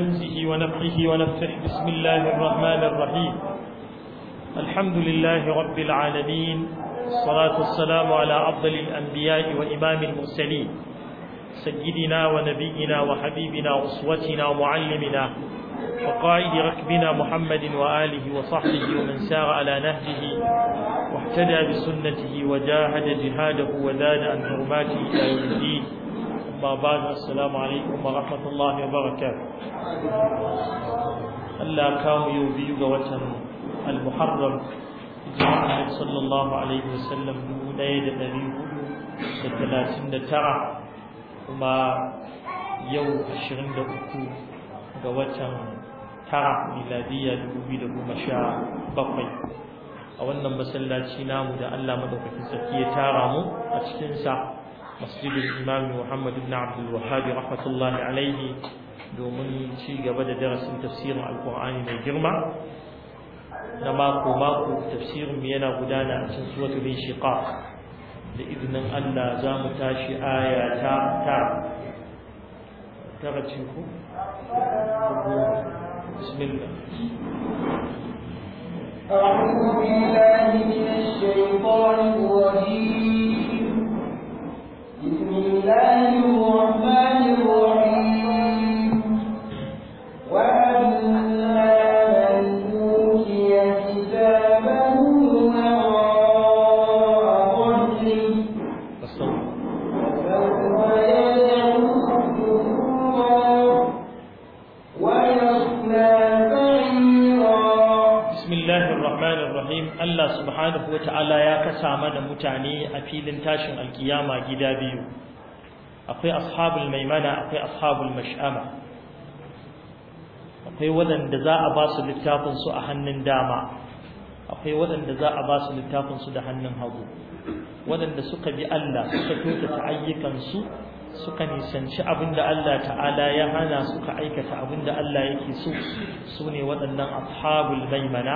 همزه ونفخه ونفخه بسم الله الرحمن الرحيم الحمد لله رب العالمين الصلاة والسلام على أفضل الأنبياء وإمام المرسلين سيدنا ونبينا وحبيبنا أسوتنا ومعلمنا وقائد ركبنا محمد وآله وصحبه ومن سار على نهجه واهتدى بسنته وجاهد جهاده وزاد عن حرماته إلى يوم الدين أما بعد السلام عليكم ورحمة الله وبركاته Allah kawo yau biyu ga watan al-muharram jama'a sallallahu alaihi wasallam dubu ɗaya da ɗari hudu da talatin da tara kuma yau ashirin da uku ga watan tara miladiyya dubu biyu da goma sha bakwai a wannan masallaci namu da Allah madaukakin sarki ya tara mu a cikinsa مسجد الإمام محمد بن عبد الوهاب رحمة الله عليه domin ci gaba da darasin tafsirin alkur'ani mai girma na mako mako tafsirin yana gudana a cikin suratul inshiqaq da izinin Allah zamu tashi aya ta ta ku أعوذ بالله من الشيطان الرجيم subhanahu wata'ala ya kasa mana mutane a filin tashin alkiyama gida biyu akwai ashabul maimana akwai ashabul mash'ama akwai wadanda za a ba su littafin su a hannun dama akwai wadanda za a ba su littafin su da hannun hagu waɗanda suka bi Allah suka kyautata ayyukansu suka nisanci abinda Allah ta'ala ya hana suka aikata abinda Allah yake so sune wadannan waɗannan ashabul maimana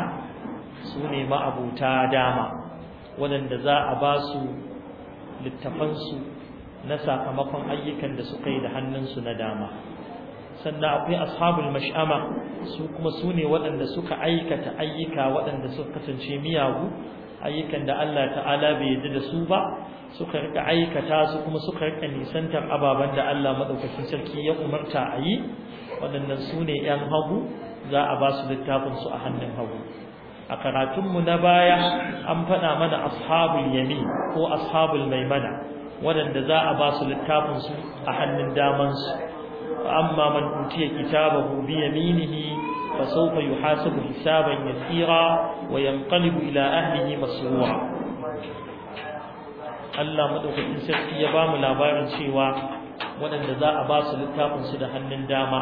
sune ma ma'abuta dama waɗanda za a ba su littafansu na sakamakon ayyukan da suka yi da hannunsu na dama sannan akwai ashabul mash'ama su kuma su ne waɗanda suka aikata ayyuka waɗanda suka kasance miyagu ayyukan da Allah ta'ala bai yarda da su ba suka rika aikata su kuma suka rika nisantar ababen da Allah madaukakin sarki ya umarta a yi waɗannan su ne ‘yan hagu za a ba su littafin su a hannun hagu a karatunmu na baya an faɗa mana ashabul yamin ko ashabul maimana waɗanda za a ba su littafinsu a hannun damansu amma man utiya kitabahu bi yaminihi fa sawfa yuhasabu hisaban yasira wa yanqalibu ila ahlihi masrura Allah madaukakin sarki ya bamu labarin cewa waɗanda za a ba su littafinsu da hannun dama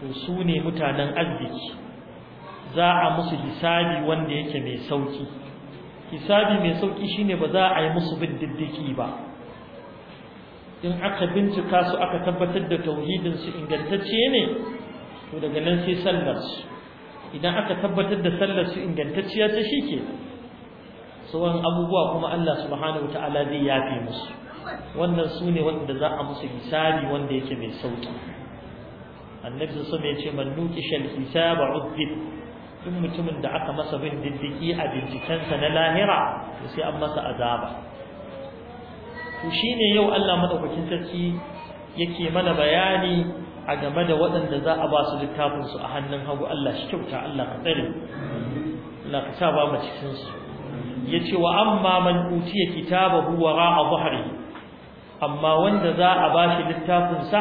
to su ne mutanen arziki za a musu hisabi wanda yake mai sauki hisabi mai sauki shine ba za a yi musu bin diddiki ba in aka bincika su aka tabbatar da tauhidin su ingantacce ne to daga nan sai sallar su idan aka tabbatar da sallar su ingantacciya ta shike sauran abubuwa kuma Allah subhanahu Ta'ala zai yafe musu wannan su ne wanda za a musu hisabi wanda yake mai sauki annabi sallallahu alaihi ya ce man nuqisha al-hisaba udhib duk mutumin da aka masa bin diddiki a bincikensa na lahira to sai an masa azaba to shine yau Allah madaukakin sarki yake mana bayani a game da waɗanda za a ba su littafin su a hannun hagu Allah shi kyauta Allah ka tsare Allah ka sa ba mu cikin su yace wa amma man utiya kitabahu wara'a dhahri amma wanda za a ba shi littafin sa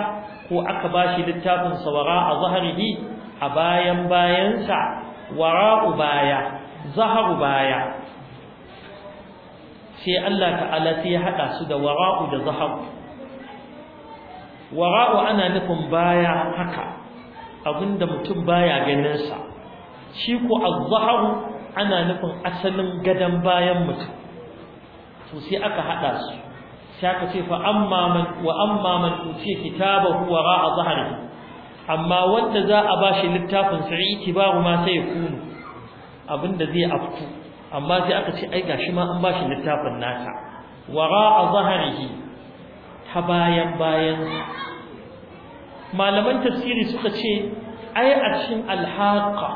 ko aka ba shi littafin sa wara'a dhahrihi a bayan bayansa wara'u baya zaharu baya sai Allah ta'ala sai ya hada su da wara'u da zaharu wara'u ana nufin baya haka abinda mutum baya ganin sa shi ko az-zaharu ana nufin asalin gadan bayan mutum to sai aka hada su sai aka ce fa amma man wa amma man uti kitabahu wara'a zahrihi amma wanda za a ba shi littafin sa'iti babu ma sai ya kunu abinda zai afku amma sai aka ce ai gashi ma an ba shi littafin nata wara'a zaharihi ta bayan bayan malaman tafsiri suka ce ai a cikin alhaqa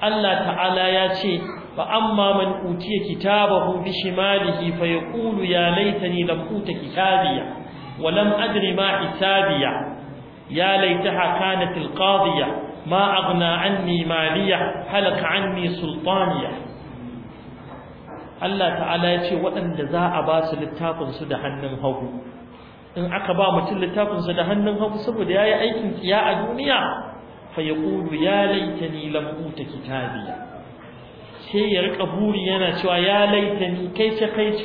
Allah ta'ala ya ce fa amma man utiya kitabahu bi shimalihi fa yaqulu ya laitani lam uta kitabiya wa lam adri ma hisabiya Ya ليتها كانت القاضية ما أغنى anni مالية Allah ta'ala ya ce waɗanda za a ba su littafinsu da hannun hagu in aka ba mutum littafinsu da hannun hagu saboda ya yi aikin tsiya a duniya fa ya ƙulu ya laitani lam uta kitabiya sai ya rika buri yana cewa ya laitani kai ce kai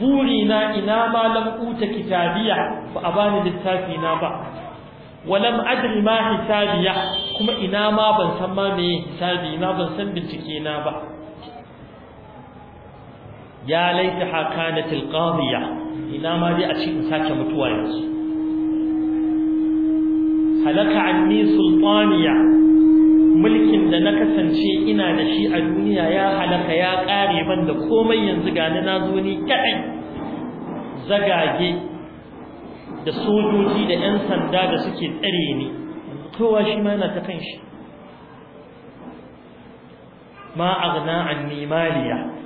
burina ina ma lam uta kitabiya ba a bani littafi na ba walam adri ma hisabiya kuma ina ma ban san ma me hisabi na ban san bincike na ba ya laita hakanat alqadiya ina ma dai a in sake mutuwa yanzu halaka anni sultaniya mulkin da na kasance ina da shi a duniya ya halaka ya kare ban da komai yanzu gani na zo ni kadai zagage da sojoji da 'yan sanda da suke tsare ne, kowa shi ma yana ta kan shi ma aghna anni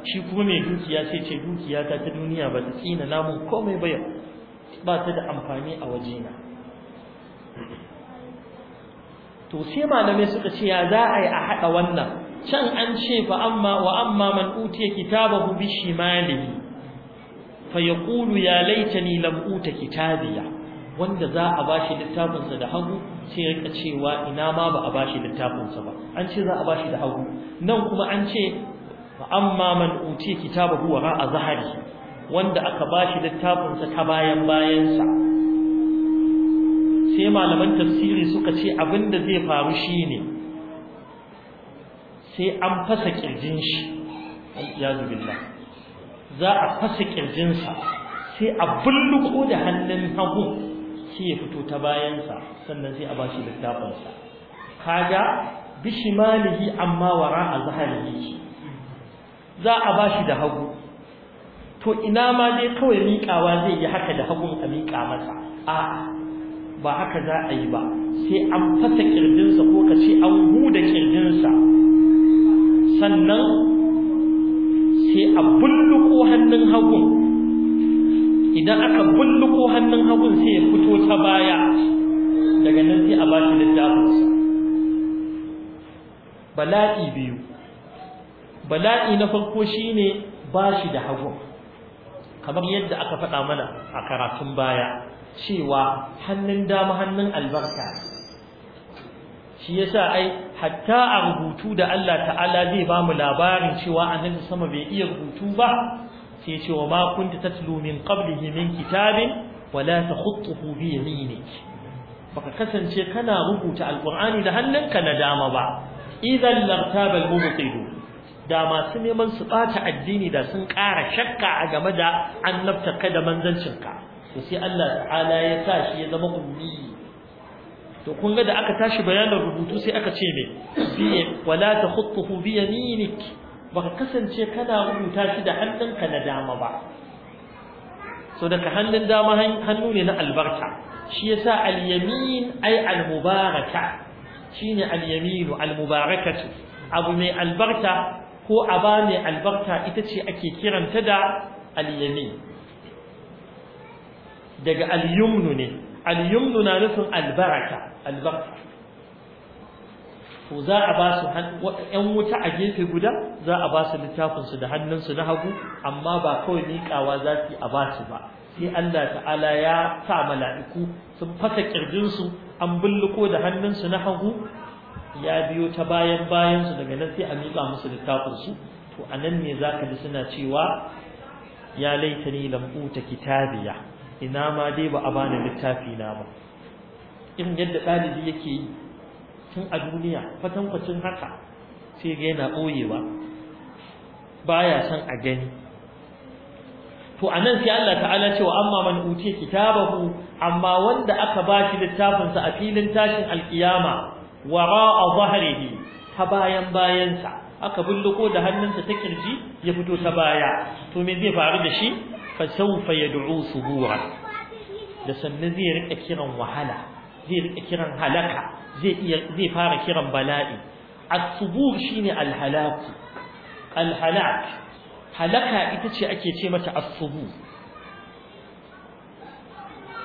shi kuma mai dukiya sai ce dukiya ta ta duniya ba ta tsina namun komai baya ba ta da amfani a wajena to sai malamai suka ce ya za a yi a haɗa wannan can an ce fa amma wa amma man utiya kitabahu bishi shimalihi fa ya laitani lam uta kitabiya wanda za a bashi littafin sa da hagu sai ya cewa ina ma ba a bashi littafin sa ba an ce za a bashi da hagu nan kuma an ce fa amma man uti kitabahu wa a zahari wanda aka bashi littafin sa ta bayan bayansa, sai malaman tafsiri suka ce abin da zai faru shi ne, sai an fasa kirjin shi ya billah za a fasa ƙirjinsa sai a bulluko da hannun hagu sai ya fito ta bayansa sannan sai a ba shi littafinsa kaga malihi amma wara a zaharihi za a ba shi da hagu to ina ma dai kawai miƙawa zai yi haka da hagun a miƙa masa a ba haka za a yi ba sai an fasa ƙirjinsa ko ka ce an huda ƙirjinsa sannan sai a bulluko hannun hagun idan aka bulluko hannun hagu sai ya fito ta baya daga nan sai a ba shi littafinsa bala'i biyu bala'i na farko shine ba shi da hagu. kamar yadda aka faɗa mana a karatun baya cewa hannun dama hannun albarka shi yasa ai hatta a rubutu da Allah ta'ala zai ba mu labarin cewa annabi sama bai iya rubutu ba sai ce wa ma kunta tatlu min qablihi min kitabin wala takhutuhu bi yaminik baka kasance kana rubuta alqur'ani da hannunka na dama ba idan lartaba al da masu neman su bata addini da sun ƙara shakka a game da annabta da manzancinka to sai Allah ta'ala ya sa shi ya zama ummi to kun ga da aka tashi bayanin rubutu sai aka ce me bi wala takhutuhu bi yaminik baka kasance kana rubuta shi da hannunka na dama ba so daga hannun dama hannu ne na albarka shi yasa al-yamin ay al-mubaraka shine al yamin al-mubarakatu abu mai albarka ko aba mai albarka ita ce ake kiranta da al-yamin daga al-yumnu ne al-yumnu na nufin albaraka albarka to za a ba su ƴan wuta a gefe guda za a ba su littafin da hannunsu na hagu amma ba kawai miƙawa za su a ba su ba sai Allah ta'ala ya sa mala'iku sun fasa ƙirjinsu an bulluko da hannunsu na hagu ya biyo ta bayan bayansu daga nan sai a miƙa musu littafinsu to a nan ne za ka ji suna cewa ya laitani lambu uta kitabiya ina ma dai ba a bani littafi na ba irin yadda ɗalibi yake yi tun a duniya kwatankwacin haka sai ga yana boyewa baya san a gani to anan sai Allah ta'ala cewa amma man uti kitabahu amma wanda aka bashi littafin sa a filin tashin alkiyama a zahrihi ta bayan bayansa aka bulluko da hannunsa ta kirji ya fito ta baya to me zai faru da shi فسوف يدعو صبورا لسنذي رئة كرا وحلا ذي رئة كرا ذي فار كرا بلائي الصبور شيني الهلاك الهلاك هلكا إتشي أكي تيمة الصبور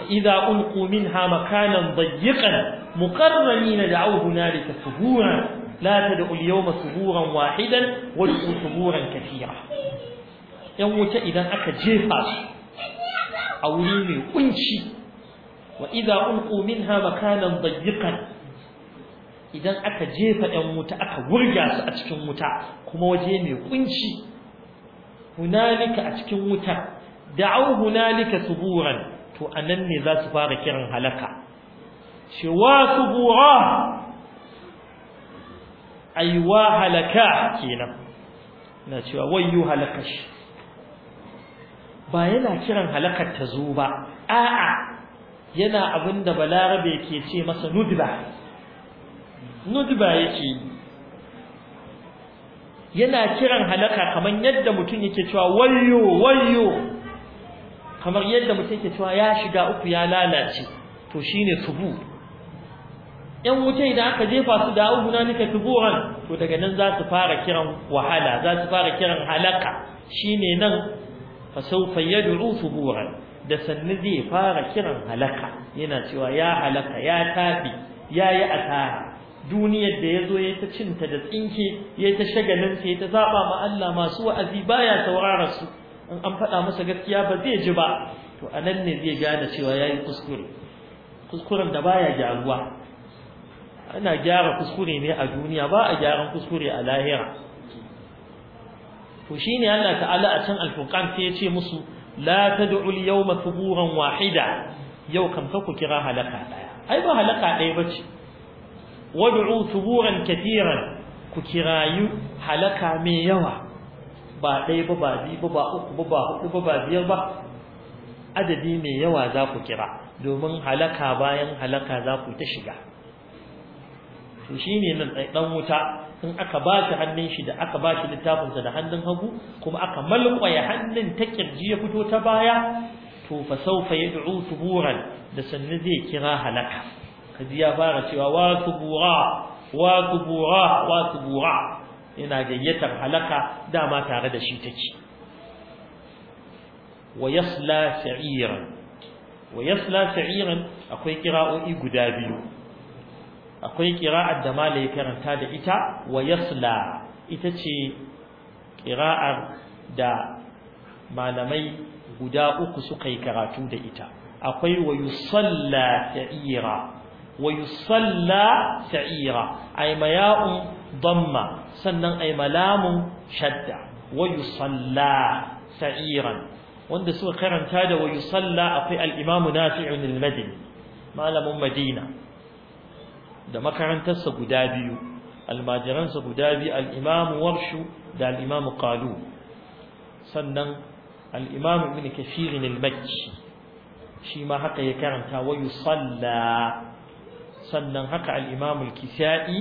إذا ألقوا منها مكانا ضيقا مقرنين دعوا هنالك صبورا لا تدعوا اليوم صبورا واحدا ودعوا صبورا كثيرا yan wuta idan aka jefa su a wuri mai kunci wa idza ulqu minha makanan dayyqan idan aka jefa yan wuta aka wurga su a cikin wuta kuma waje mai kunci hunalika a cikin wuta da'u hunalika suburan to anan ne za su fara kiran halaka cewa subura aiwa halaka kenan na cewa wayyu halakashi ba yana kiran halakar ta zo ba a'a yana abin da balarabe ke ce masa nudba nudba yake yana kiran halaka kamar yadda mutum yake cewa wayyo wayyo kamar yadda mutum yake cewa ya shiga uku ya lalace to shine tubu yan wuce idan aka jefa su da abu na nika tuburan to daga nan za su fara kiran wahala za su fara kiran halaka shine nan fa sawfa yad'u suburan da sannu zai fara kiran halaka yana cewa ya halaka ya tafi ya yi asara duniyar da ya zo ya ta cinta da tsinke ya ta shagalin ya ta zaɓa ma Allah masu wa'azi baya saurara su in an faɗa masa gaskiya ba zai ji ba to anan ne zai gane cewa ya yi kuskure kuskuren da baya gyaruwa ana gyara kuskure ne a duniya ba a gyaran kuskure a lahira to shine Allah ta'ala a can al-furqan sai ya ce musu la tad'u al-yawma thuburan wahida yau kam ka ku kira halaka daya ai ba halaka daya bace wad'u thuburan katiran ku kirayu halaka mai yawa ba ɗaya ba ba bi ba uku ba ba hudu ba ba biyar ba adadi mai yawa za ku kira domin halaka bayan halaka za ku ta shiga to shine nan dan wuta in aka ba shi hannun shi da aka ba shi littafinsa da hannun hagu kuma aka malƙwaya hannun ta kirji ya fito ta baya to fa sawfa yad'u thuburan da sanne zai kira halaka kaji ya fara cewa wa thubura wa thubura wa thubura yana gayyatar halaka dama tare da shi take wa yasla sa'iran wa yasla sa'iran akwai kira'o'i guda biyu akwai ƙira'ar da mala karanta da ita wa yasla ita ce ƙira'ar da malamai guda uku suka yi karatu da ita akwai wa yusalla sa'ira wa yusalla sa'ira ay damma sannan ay malamun shadda wa yusalla sa'iran wanda suka karanta da wa yusalla akwai al imamu nafi'un al-madini madina da makarantarsa guda biyu almajiransa guda biyu al'imamu warshu da al'imamu qalu sannan al'imamu ibn kafirin al-makki shi ma haka ya karanta wa yusalla sannan haka al'imamu al-kisa'i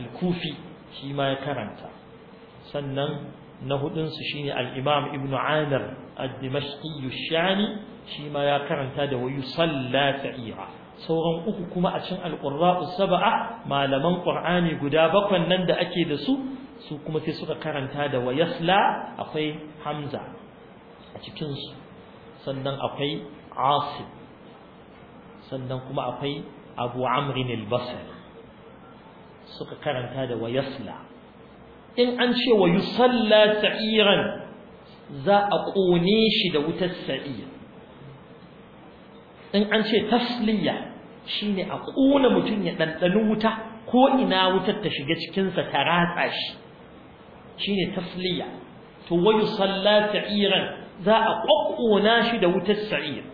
al-kufi shi ma ya karanta sannan na hudunsu shi ne al'imam ibn amir al-dimashqi Shani shi ma ya karanta da wa yusalla ta'ira. sauran uku kuma a cin alƙurra'u saba'a malaman ƙur'ani guda bakwan nan da ake da su su kuma sai suka karanta da wayasla akwai hamza a cikinsu sannan akwai asib sannan kuma akwai abu amrin albasir suka karanta da wayasla in an ce wa yusalla sa'iran za a ƙone shi da wutar sa'ir in an ce tasliya ne a ƙona mutum ya ɗanɗani wuta ko ina wutar ta shiga cikinsa ta ratsa shi shine tasliya to wa yusalla sa'iran za a ƙwaƙƙona shi da wutar sa'ir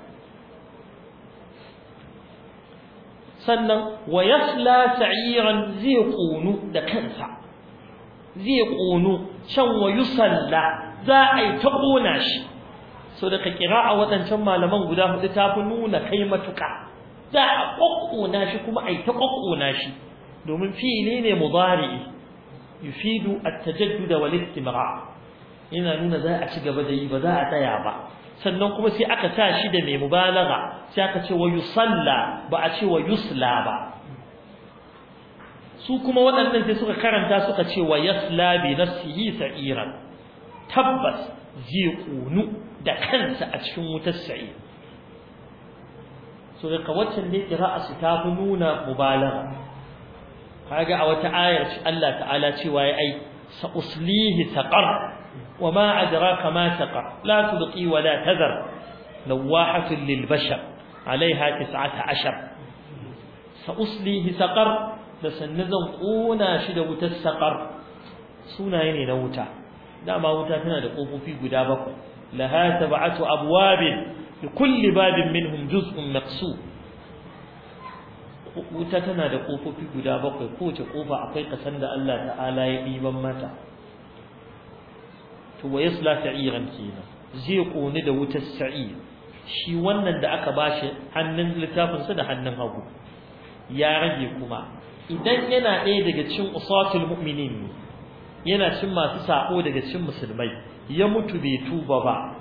sannan wa yasla sa'iran zai ƙonu da kansa zai ƙonu can wa yusalla za a yi ta ƙona shi so daga kira a waɗancan malaman guda hudu ta fi nuna kai matuƙa za a ƙwaƙƙona shi kuma a yi ta ƙwaƙƙona shi domin fi'ili ne mudari'i yufidu at-tajaddud wal istimra Ina nuna za a ci gaba da yi ba za a tsaya ba sannan kuma sai aka sa shi da mai mubalagha sai aka ce wa yusalla ba a ce wa yusla ba su kuma waɗannan sai suka karanta suka ce wa yasla bi nafsihi sa'iran tabbas zai ƙunu da kansa a cikin wutar sa'ir so daga waccan ne kira'a su ta fi nuna mubalagha kaga a wata ayar shi Allah ta'ala cewa ya ai sa uslihi saqar wa ma adraka ma saqar la tubqi wa la tazar lawahatun lil bashar alaiha 19 sa uslihi saqar da sanne zan kona shi da wutar saqar sunaye ne na wuta dama wuta tana da kofofi guda bakwai laha sab'atu abwabin fi kulli babin minhum juz'un maqsu wuta tana da kofofi guda bakwai ko ta kofa akwai kasan da Allah ta'ala ya ɗiban mata to wa yasla sa'iran kenan zai koni da wutar sa'i shi wannan da aka bashi hannun littafin sa da hannun hagu ya rage kuma idan yana ɗaya daga cikin usatul mu'minin yana cin masu sako daga cin musulmai ya mutu bai tuba ba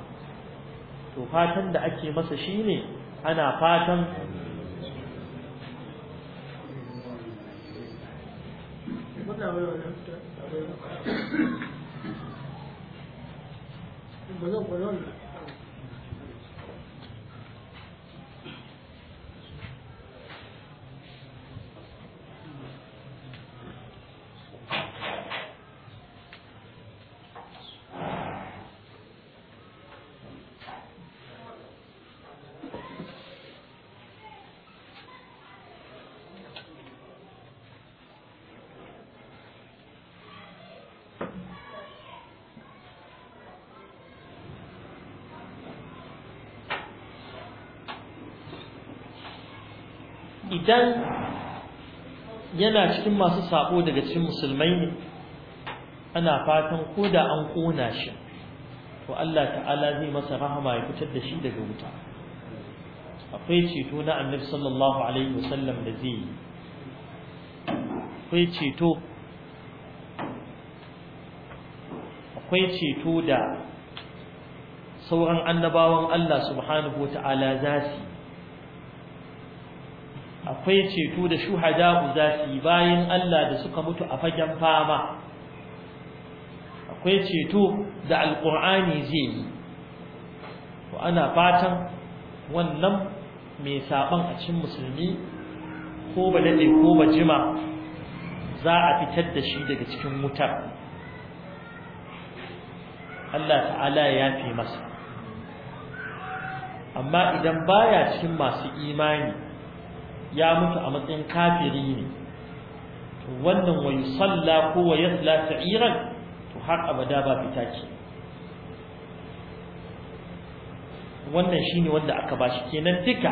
to fatan da ake masa shi ne, ana fatan ba zan idan yana cikin masu sabo daga cikin musulmai ne ana fatan ko da an kona shi to Allah ta'ala zai masa rahama ya fitar da shi daga wuta akwai ceto na annabi sallallahu alaihi wasallam da zai yi akwai ceto akwai ceto da sauran annabawan Allah subhanahu wa ta'ala za su yi akwai ceto da shuhada'u za su bayan Allah da suka mutu a fagen fama akwai ceto da alƙur'ani zai yi to ana fatan wannan mai saban a cikin musulmi ko ba ko ba jima za a fitar da shi daga cikin wutar Allah ta'ala ya yafe masa amma idan baya cikin masu imani ya mutu a matsayin kafiri ne wannan wa yusalla ko wa yasla iran, to har abada ba fita ce wannan shine wanda aka bashi kenan duka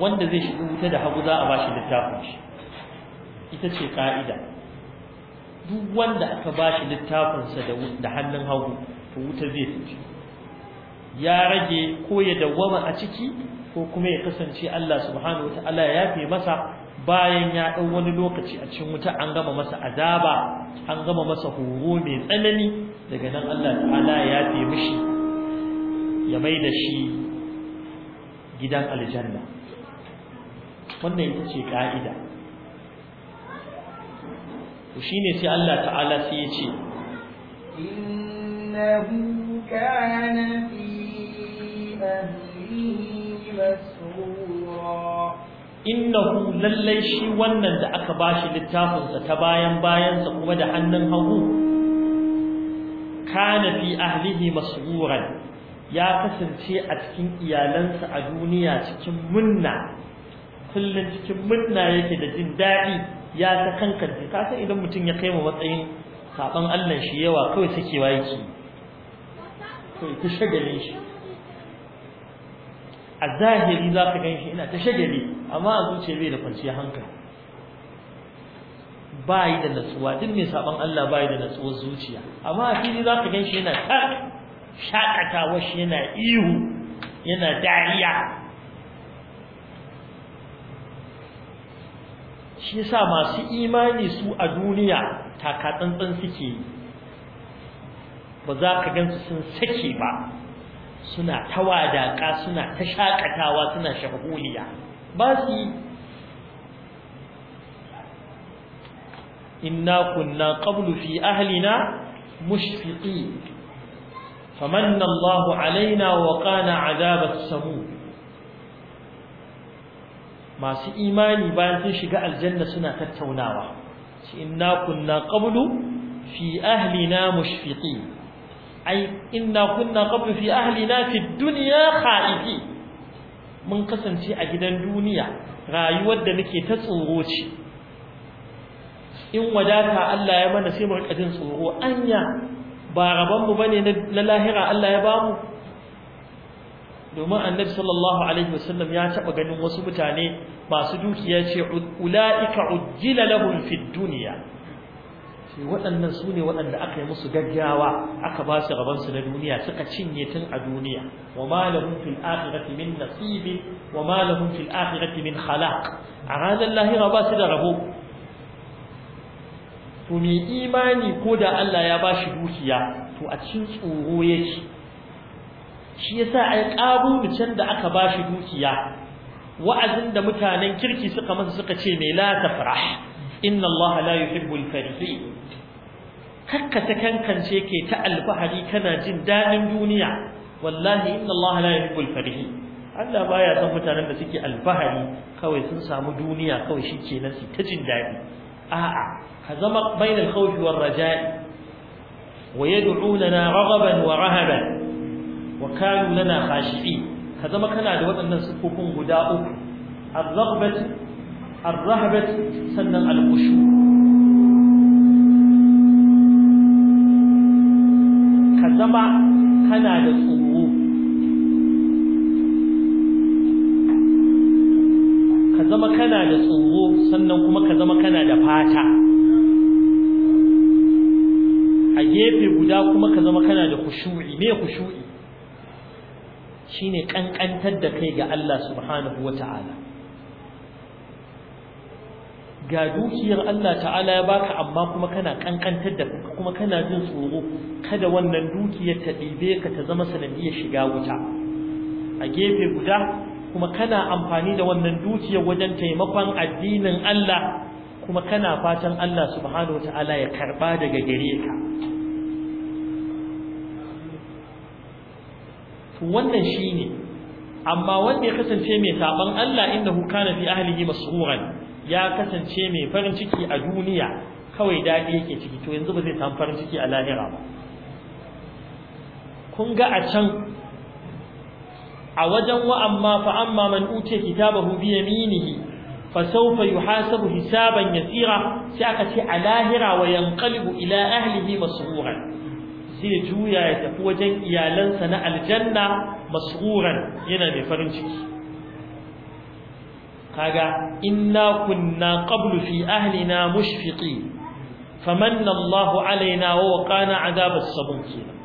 wanda zai shiga wuta da hagu za a bashi littafin shi ita ce ka'ida duk wanda aka bashi littafinsa da hannun hagu to wuta zai tafi ya rage ko ya dawwama a ciki ko kuma ya kasance Allah subhanahu wata'ala ya yafe masa bayan ya ɗau wani lokaci a cikin wuta an gama masa azaba an gama masa horo mai tsanani daga nan Allah ta'ala ya yafe mishi ya mai da shi gidan aljanna wannan ita ce ka'ida to sai Allah ta'ala sai ya ce innahu kana fi ahlihi innahu lallai shi wannan da aka bashi littafinsa ta bayan bayansa kuma da hannun hagu kana fi ahlihi masruran ya kasance a cikin iyalansa a duniya cikin munna kullum cikin munna yake da jin daɗi ya ta kankanta ka san idan mutum ya kai mu matsayin saban Allah shi yawa kawai sakewa yake to shagalin shi a zahiri za ka gan shi ina ta shagali amma a zuciya bai da kwanci hankali ba yi da natsuwa duk mai saban Allah ba yi da natsuwar zuciya amma a fili za ka gan shi yana ta shaƙatawa shi yana ihu yana dariya shi sa masu imani su a duniya taka tsantsan suke ba za ka gansu sun sake ba suna tawadaka suna ta shakatawa suna shahuliya ba su inna kunna qablu fi ahlina mushfiqi famanna Allahu alaina wa qana azabat samu. masu imani bayan sun shiga aljanna suna tattaunawa inna kunna qablu fi ahlina mushfiqi ai inna kunna qablu fi ahlina fi dunya khaifi mun kasance a gidan duniya rayuwar da muke ta tsoro ce in wadata Allah ya mana sai mu rika jin tsoro anya ba raban mu bane na lahira Allah ya bamu domin annabi sallallahu alaihi wasallam ya taba ganin wasu mutane masu dukiya ce ulaika ujjila lahum fid dunya waɗannan su ne waɗanda aka yi musu gaggawa aka ba su rabansu na duniya suka cinye tun a duniya wa ma fil akhirati min nasib wa ma fil akhirati min khalaq a ranar lahira ba su da rabo to mai imani ko da Allah ya ba shi dukiya to a cikin tsoro yake shi yasa ai kabu can da aka ba shi dukiya wa'azin da mutanen kirki suka masa suka ce mai la tafrah inna Allah la yuhibbul farihi kakka ta kankance ke ta alfahari kana jin dadin duniya wallahi inna Allah la yuhibbul farihi Allah baya san mutanen da suke alfahari kawai sun samu duniya kawai shikenan su ta jin dadi a'a ka zama bainal khawfi war raja'i wa yad'unana raghaban wa rahaban wa kanu lana khashi'in ka zama kana da waɗannan sukukun guda uku الرغبة الرهبة سنن الخشوع كزما كان هذا الصبو كزما كان هذا الصبو سنن كما كزما كان هذا فاتا gefe guda kuma ka zama kana da kushu'i me khushu'i shine kankantar da kai ga Allah subhanahu wataala ga dukiyar Allah ta'ala ya baka amma kuma kana kankantar da kuma kana jin tsoro kada wannan dukiyar ta ɗibe ka ta zama sanadiyar shiga wuta a gefe guda kuma kana amfani da wannan dukiyar wajen taimakon addinin Allah kuma kana fatan Allah subhanahu Ta'ala ya karba daga gare ka wannan shine amma wanda ya kasance mai saban Allah innahu kana fi ahlihi masruran ya kasance mai farin ciki a duniya kawai daɗi yake ciki to yanzu ba zai samu farin ciki a lahira ba kun ga a can a wajen wa amma fa amma man uce kitabahu bi yaminihi fa sawfa yuhasabu hisaban yasira sai aka ce a lahira wa yanqalibu ila ahlihi masruran zai juya ya tafi wajen iyalansa na aljanna masruran yana mai farin ciki kaga inna kunna qablu fi ahlina mushfiqi famanna Allahu alaina wa waqana azabas sabun kenan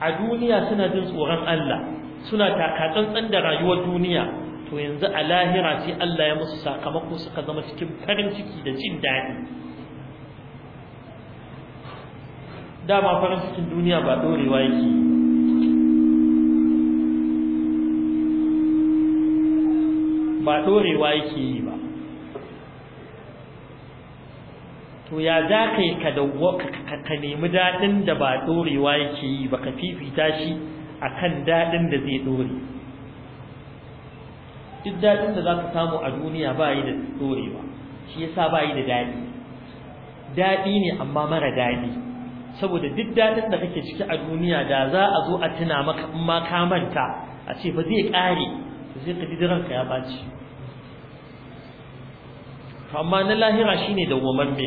a duniya suna jin tsoron Allah suna takatsantsan da rayuwar duniya to yanzu a lahira sai Allah ya musu sakamako suka zama cikin farin ciki da jin daɗi dama farin cikin duniya ba dorewa yake ba ɗorewa yake yi ba to ya za ka yi ka nemi daɗin da ba ɗorewa yake yi ba ka fifita shi a kan daɗin da zai ɗore duk daɗin da za ka samu a duniya ba yi da ɗorewa shi ya sa ba yi da daɗi daɗi ne amma mara daɗi saboda duk daɗin da kake ciki a duniya da za a zo a tuna maka in ma ka manta a ce ba zai ƙare sai ka ji ranka ya baci amma na lahira shine dawwamamme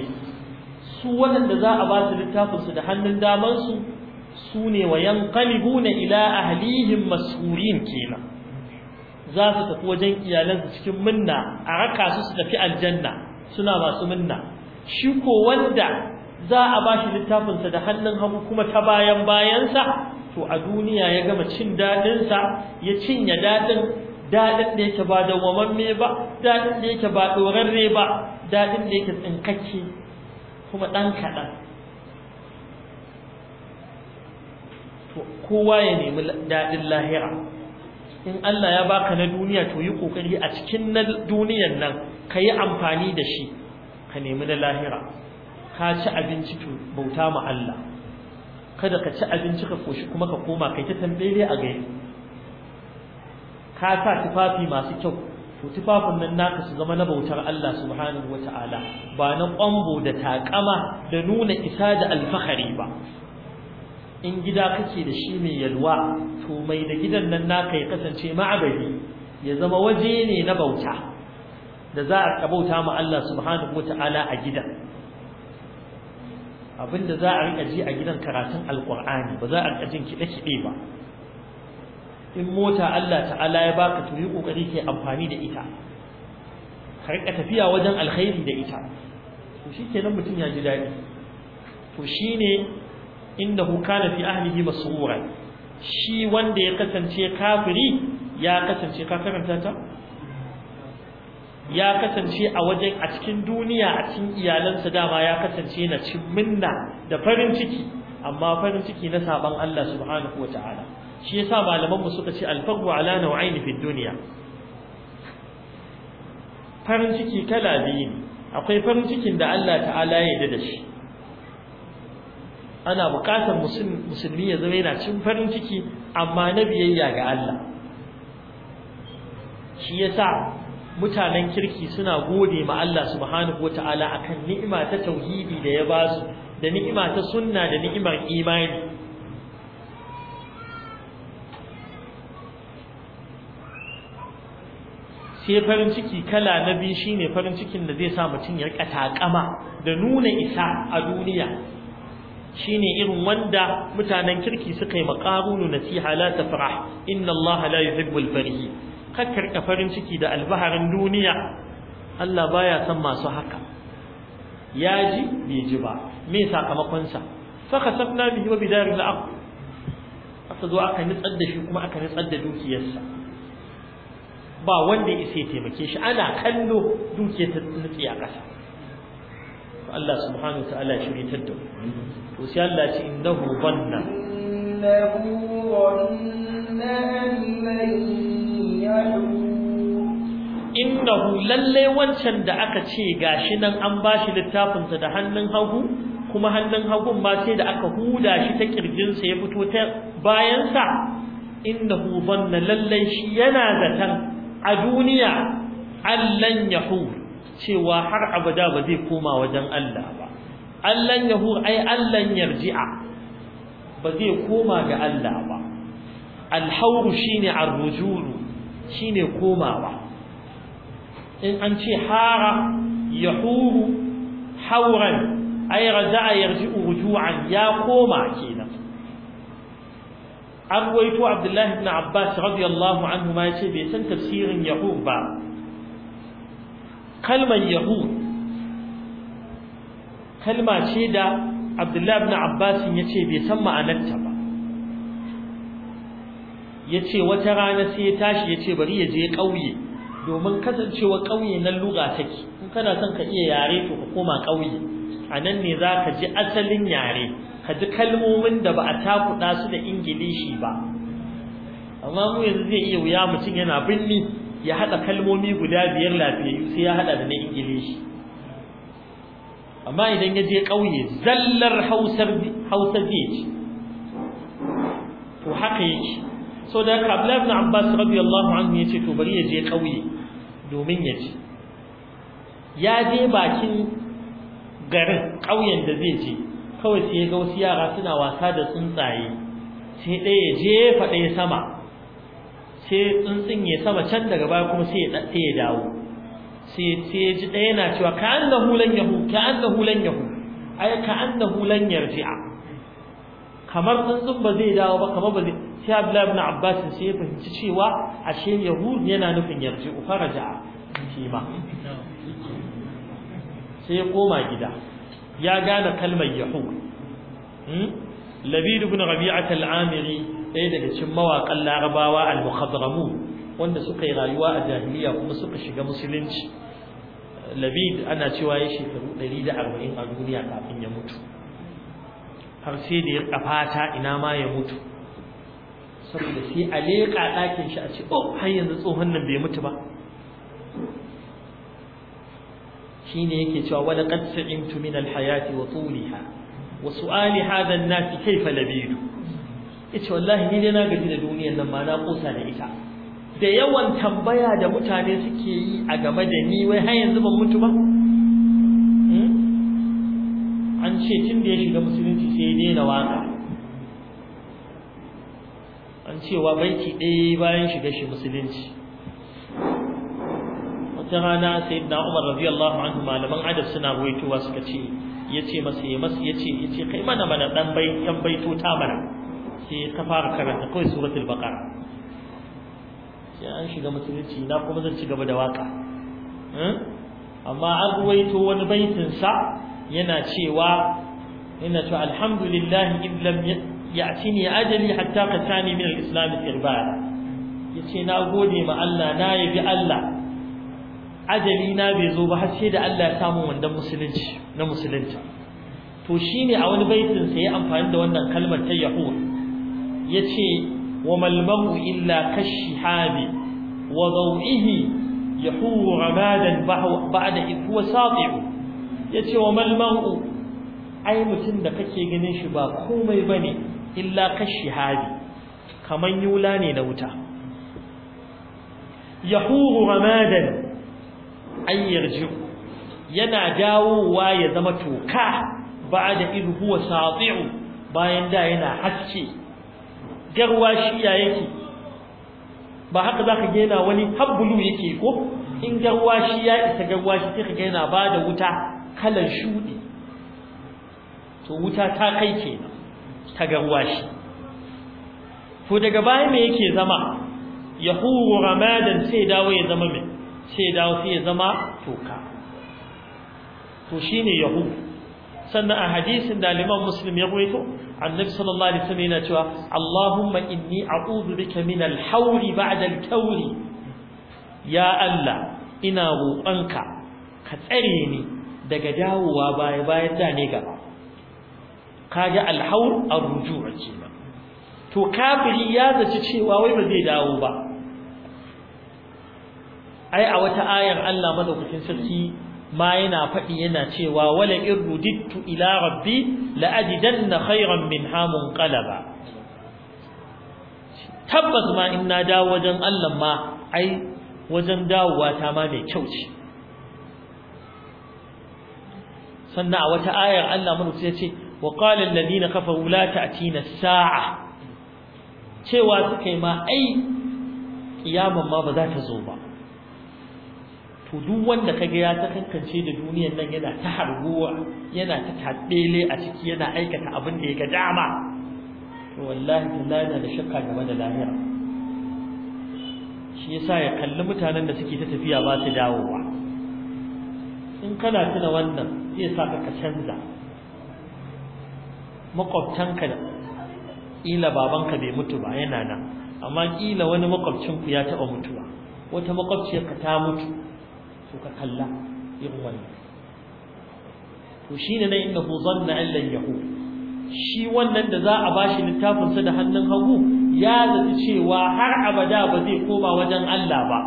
su waɗanda za a ba su littafin su da hannun daman su su ne wa yanqalibuna ila ahlihim mas'urin kenan za su tafi wajen su cikin minna a raka su su tafi aljanna suna masu minna shi ko wanda za a ba shi littafinsa da hannun hagu kuma ta bayan bayansa to a duniya ya gama cin daɗinsa ya cinye daɗin daɗin da yake ba me ba daɗin da yake ba ɗorarre ba daɗin da yake tsinkake? kuma ɗan kaɗan kowa ya nemi daɗin lahira in Allah ya baka na duniya to yi ƙoƙari a cikin na duniyan nan ka yi amfani da shi ka nemi na lahira ka ci abinci to bauta ma Allah kada ka ci abinci ka koshi kuma ka koma kai ta tambaye a gari ka sa tufafi masu kyau to tufafin nan naka su zama na bautar Allah subhanahu wata'ala ba na ƙwambo da taƙama da nuna isa da alfahari ba in gida kake da shi mai yalwa to mai da gidan nan naka ya kasance ma'abadi ya zama waje ne na bauta da za a kabauta ma Allah subhanahu wata'ala a gidan abinda za a rika ji a gidan karatun Alƙur'ani, ba za a rika jin kiɗe-kiɗe ba in mota Allah ta'ala ya baka to yi kokari kai amfani da ita ka rika tafiya wajen alkhairi da ita to shikenan mutum ya ji dadi to shine innahu kana fi ahlihi masrura shi wanda ya kasance kafiri ya kasance ka karanta ta ya kasance a wajen a cikin duniya a cikin iyalansa dama ya kasance na cin minna da farin ciki amma farin ciki na saban Allah subhanahu wataala shi yasa malaman mu suka ce alfarru ala nau'aini fi dunya farin ciki kala biyu ne akwai farin cikin da Allah ta'ala ya yarda da shi ana buƙatar musulmi ya zama yana cin farin ciki amma na biyayya ga Allah shi yasa mutanen kirki suna gode ma Allah subhanahu wata'ala akan ni'ima ta tauhidi da ya basu da ni'ima ta sunna da ni'imar imani sai farin ciki kala na biyu shine farin cikin da zai sa mutum ya rika takama da nuna isa a duniya shine irin wanda mutanen kirki suka yi maqarunu nasiha la tafrah inna Allah la yuhibbul farihi kakkar farin ciki da albaharin duniya Allah baya son masu haka yaji bai ji ba me sakamakon sa fa kasafna bihi wa bidaril aqd aka zo aka nitsar da shi kuma aka nitsar da dukiyarsa ba wanda ya isa ya taimake shi ana kallo duke ta nutse a ƙasa Allah subhanahu wa ta'ala shi ne tattu to sai Allah ce innahu dhanna innahu In an innahu lalle wancan da aka ce gashi nan an bashi littafin sa da hannun hagu kuma hannun hagun ba sai da aka huda shi ta kirjin sa ya fito ta bayan sa innahu na lallai shi yana zaton a duniya allan yahu cewa har abada ba zai koma wajen Allah ba allan yahu ai allan yarji'a ba zai koma ga Allah ba alhauru shine arrujulu shine komawa in an ce hara yahuru hauran ai raja'a yarji'u ruju'an ya koma kenan an ruwaito abdullahi ibn abbas radiyallahu anhu ma yace bai san tafsirin yahud ba Kalmar yahud kalma ce da abdullahi ibn abbas yace bai san ma'anarta ba yace wata rana sai ya tashi yace bari ya je kauye domin kasancewa kauye na lugha take in kana son ka iya yare to ka koma kauye anan ne za ka ji asalin yare ka ji kalmomin da ba a takuɗa su da ingilishi ba amma mu yanzu zai iya wuya mutum yana binni ya haɗa kalmomi guda biyar lafiyayyu sai ya haɗa da na ingilishi amma idan ya je ƙauye zallar hausa zai ci to haka yake so da haka abdullahi ibn abbas radiyallahu anhu ya ce to bari ya je ƙauye domin ya ci ya je bakin garin ƙauyen da zai je kawai sai ga wasu yara suna wasa da tsuntsaye sai ɗaya ya jefa ɗaya sama sai tsuntsun ya sama can daga baya kuma sai ya ɗaɗɗe ya dawo sai ya ji ɗaya na cewa ka an da hulan yahu ka an da hulan yahu ai ka an da hulan yarji'a." kamar tsuntsun ba zai dawo ba kamar ba zai sai Abdullahi ibn Abbas sai ya fahimci cewa ashe yahud yana nufin yarji'u faraja shi ma sai ya koma gida ya gane kalmar yahud hmm? Labidu ibn rabi'at al-amiri ɗaya daga cikin mawaƙan larabawa al-mukhadramu wanda suka yi rayuwa a jahiliya kuma suka shiga musulunci labid ana cewa ya shekaru 140 a duniya kafin ya mutu har sai da ya fata ina ma ya mutu saboda sai a leƙa ɗakin shi a ce oh har yanzu tsohon nan bai mutu ba shine yake cewa wala qad sa'imtu min al-hayati wa tuliha wa su'ali hadha an-nas kayfa labidu yace wallahi ni dai na gaji da duniyar nan ma na kosa da ita da yawan tambaya da mutane suke yi a game da ni wai har yanzu ban mutu ba hmm? an ce tun da ya shiga musulunci sai ya daina waka an cewa baiti ɗaya bayan shiga shi musulunci wata rana sai na umar radiyallahu anhu malaman adab suna ruwaitowa suka ce ya ce masa ya masa ya ce ya ce kai mana mana dan bai yan baito ta mana sai ta fara karanta kawai suratul baqara sai an shiga musulunci na kuma zan ci gaba da waka hmm? amma an ruwaito wani baitin sa yana cewa yana cewa alhamdulillah in lam ya'tini ajali hatta qatani min al-islam irbada yace na gode ma Allah na yabi Allah ajali na bai zo ba har sai da Allah ya samu wanda musulunci na musulunta to shine a wani baitin sai ya amfani da wannan kalmar ta yahud yace wa mal illa kashihabi wa dawihi yahu ramadan ba'da idh huwa sati'u yace wa mal ai mutun da kake ganin shi ba komai bane illa kashihabi kaman yula ne na wuta yahuru ramadan an yarji yana dawowa ya zama toka ba da idu huwa sati'u bayan da yana haske garwa shi ya yake ba haka zaka ga yana wani habbulu yake ko in garwa shi ya isa garwa shi sai ka ga yana ba da wuta kalan shudi to wuta ta kai ke ta garwa shi to daga baya me yake zama yahuru ramadan sai dawo ya zama mai sai dawo sai ya zama toka to shine yahu sannan a hadisin da liman muslim ya rawaito annabi sallallahu alaihi wasallam yana cewa Allahumma inni a'udhu bika min al-hawri ba'da al ya Allah ina roƙonka ka tsare ni daga dawowa baya bayan da ne gaba kaga al-hawr ar-ruju' kenan to kafiri ya zaci cewa wai ba zai dawo ba ai a wata ayar Allah madaukakin sarki ma yana faɗi yana cewa wala irudittu ila rabbi la'ajidanna khairan minha munqalaba tabbas ma in na dawo wajen Allah ma ai wajen dawowa ta ma mai kyau ce sannan a wata ayar Allah mun ya ce wa qala alladhina kafaru la ta'tina as-sa'a cewa suka yi ma ai kiyaman ma ba za ta zo ba to duk wanda kage ya ta kankance da duniyar nan yana ta harguwa yana ta tabele a ciki yana aikata abin da ya ga dama to wallahi tallahi yana da shakka game da lahira shi yasa ya kalli mutanen da suke ta tafiya ba su dawowa in kana tuna wannan zai sa ka canza makwabtanka da ƙila babanka bai mutu ba yana nan amma ƙila wani makwabcinku ya taɓa mutuwa wata makwabciyarka ta mutu so ka kalla irin wannan to shine na inda hu zanna an yahu shi wannan da za a bashi littafin da hannun hagu ya zaci cewa har abada ba zai koma wajen Allah ba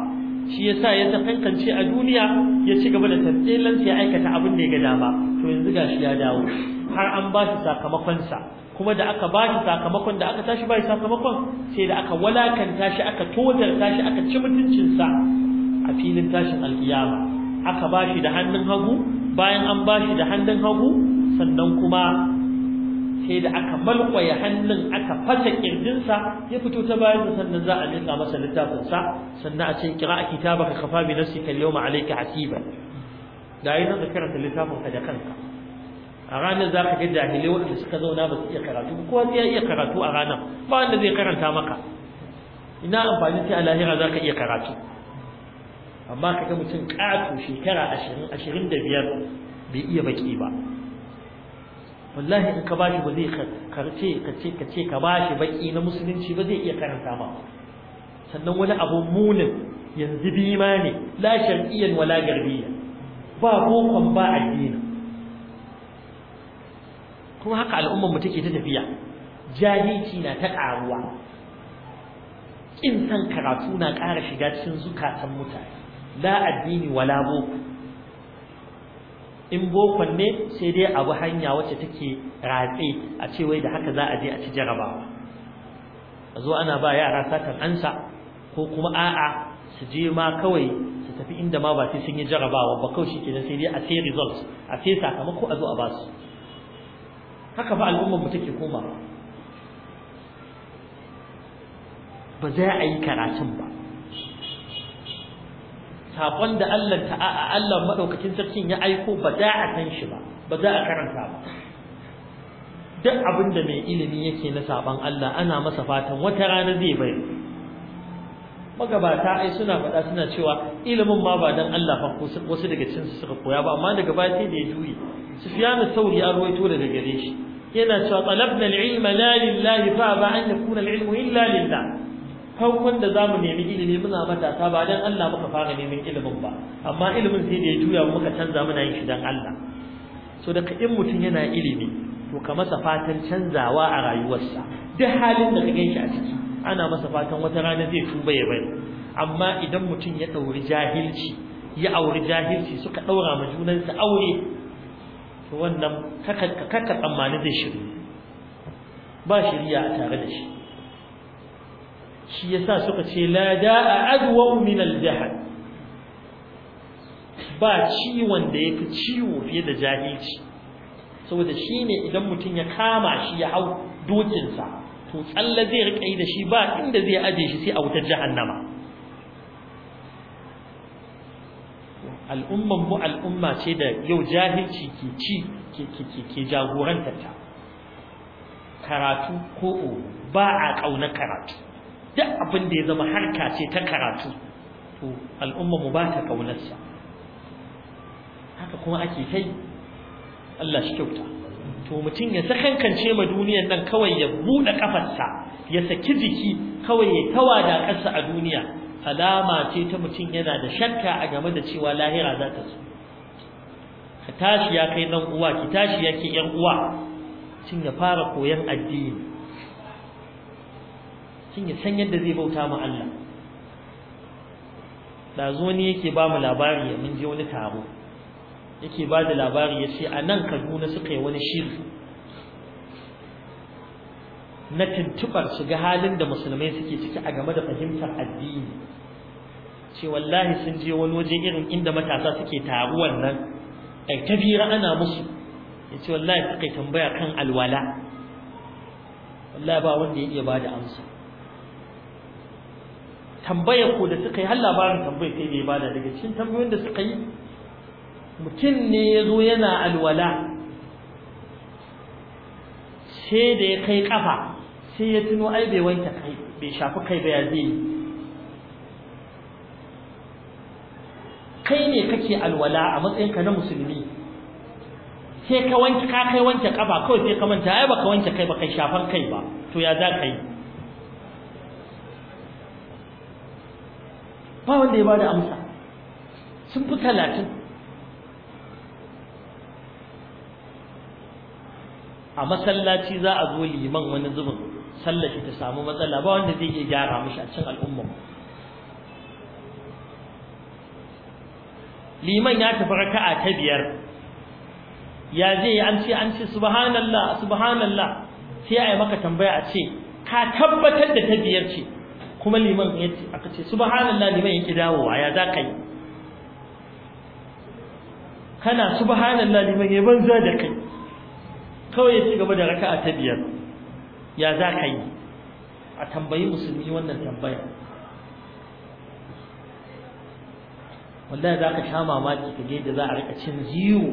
shi yasa ya tafankance a duniya ya ci gaba da tafsilan ya aikata abin da ya ga dama to yanzu gashi ya dawo har an ba shi sakamakonsa kuma da aka ba shi sakamakon da aka tashi ba shi sakamakon sai da aka walakanta shi aka tozarta shi aka ci mutuncinsa a filin tashin alkiyama aka ba shi da hannun hagu bayan an ba shi da hannun hagu sannan kuma sai da aka malƙwaye hannun aka fata ƙirjinsa ya fito ta bayansa sannan za a miƙa masa littafinsa sannan a ce kira a kitaba ka kafa bi nafsi kal yawma alayka hasiba da yi nan da karanta littafin ka da kanka a ranar za ka ga jahilai waɗanda suka zauna ba su iya karatu ba kowa ya iya karatu a ranar ba wanda zai karanta maka ina amfani sai a lahira za ka iya karatu amma kaga mutum ƙato shekara ashirin ashirin da biyar bai iya baki ba wallahi in ka bashi ba zai karce ka ce ka bashi baki na musulunci ba zai iya karanta ma sannan wani abun munin yanzu bi ne la shar'iyyan wala garbiyyan ba bokon ba addini kuma haka al'ummar mu take ta tafiya jahilci na ta ƙaruwa kin san karatu na ƙara shiga cikin zukatan mutane la addini wala boko in bokon ne sai dai abu hanya wacce take ratse a ce wai da haka za a je a ci jarabawa a zo ana ba yara satan ansa ko kuma a'a su je ma kawai su tafi inda ma ba sai sun yi jarabawa ba kawai shi kenan sai dai a sai results a sai sakamako a zo a basu haka fa al'ummar mu take koma ba za a yi karatun ba saƙon da Allah a Allah maɗaukacin sarkin ya aiko ba za a san shi ba ba za a karanta ba duk abin da mai ilimi yake na sabon Allah ana masa fatan wata rana zai bai magabata ai suna faɗa suna cewa ilimin ma ba dan Allah fa wasu daga cikin su suka koya ba amma daga baya sai da ya juyi. Sufyanu sauri an rawaito daga gare shi yana cewa talabna al-ilma la lillahi fa ba an yakuna al-ilmu illa lillah farkon da zamu nemi ilimi muna matasa ba dan Allah muka fara neman ilimin ba amma ilimin sai da ya juya muka canza muna yin shi dan Allah so da in mutum yana ilimi to ka masa fatan canzawa a rayuwarsa duk halin da ka shi a ciki ana masa fatan wata rana zai tuba ya bari amma idan mutum ya dauri jahilci ya auri jahilci suka ɗaura ma junansa aure to wannan kaka kaka tsammani zai shiru ba shiriya a tare da shi shi yasa suka ce la da'a adwa min al-jahl ba ciwon da yafi ciwo fiye da jahilci saboda shine idan mutum ya kama shi ya hau dokin sa to tsalle zai rika yi da shi ba inda zai aje shi sai a wutar jahannama al'umman mu al'umma ce da yau jahilci ke ci ke jagorantar ta karatu ko ba a kauna karatu duk abin da ya zama harka ce ta karatu to al'umma mu ba ta kaunarsa haka kuma ake kai Allah shi kyauta to mutum ya sakankance ma duniyar nan kawai ya buɗe kafarsa ya saki jiki kawai ya tawa da ƙasa a duniya alama ce ta mutum yana da shakka a game da cewa lahira za ta zo ka tashi ya kai nan uwa ki tashi yake yan uwa cin ya fara koyan addini mutum ya san yadda zai bauta ma Allah dazo ne yake ba mu labari ya mun je wani taro yake ba da labari ya ce a nan Kaduna suka yi wani shiri na tuntubar shiga halin da musulmai suke ciki a game da fahimtar addini ce wallahi sun je wani waje irin inda matasa suke taruwan nan ai tabira ana musu ya ce wallahi suka tambaya kan alwala wallahi ba wanda ya iya ba da amsa tambayar ku da suka yi har labarin tambayar kai da bada daga cikin tambayoyin da suka yi mutum ne ya zo yana alwala sai da ya kai kafa sai ya tuno ai bai wanke kai bai shafi kai ba ya zai yi kai ne kake alwala a matsayin ka na musulmi sai ka wanke kai wanke kafa kawai sai ka manta ai baka wanke kai ba kai shafan kai ba to ya za ka yi ba wanda ya bada amsa sun fi talatin a masallaci za a zo liman wani zubin sallashi ta samu matsala ba wanda zai iya gyara mashi a cikin al'umma liman ya tafi raka'a ta biyar ya zai an ce an ce subhanallah subhanallah sai a yi maka tambaya a ce ka tabbatar da ta biyar ce kuma liman ya ce aka ce subhanallah liman yake dawowa ya za ka yi kana subhanallah liman ya banza da kai kawai ya ci gaba da raka'a ta biyar ya za ka yi a tambayi musulmi wannan tambaya wallahi za ka sha mamaki ka ga da za a rika cin ziyo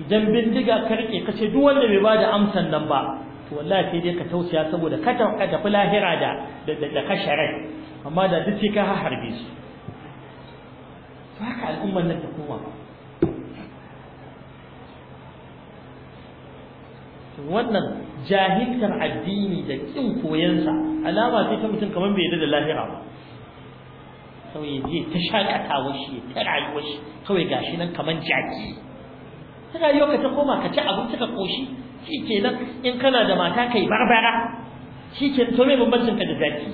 idan bindiga ka rike ka ce duk wanda bai bada amsan nan ba to wallahi sai dai ka tausaya saboda ka ka tafi lahira da da kasharai amma da duk sai ka harbe su haka al'ummar nan ta koma wannan jahilkar addini da kin koyansa alama sai ta mutum kamar bai yarda da lahira ba kawai zai ta shakatawa shi ta rayuwar shi kawai gashi nan kamar jaki ta rayuwar ka ta koma ka ci abinci ka koshi shi kenan in kana da mata kai barbara shi ke to me bambancin ka da zaki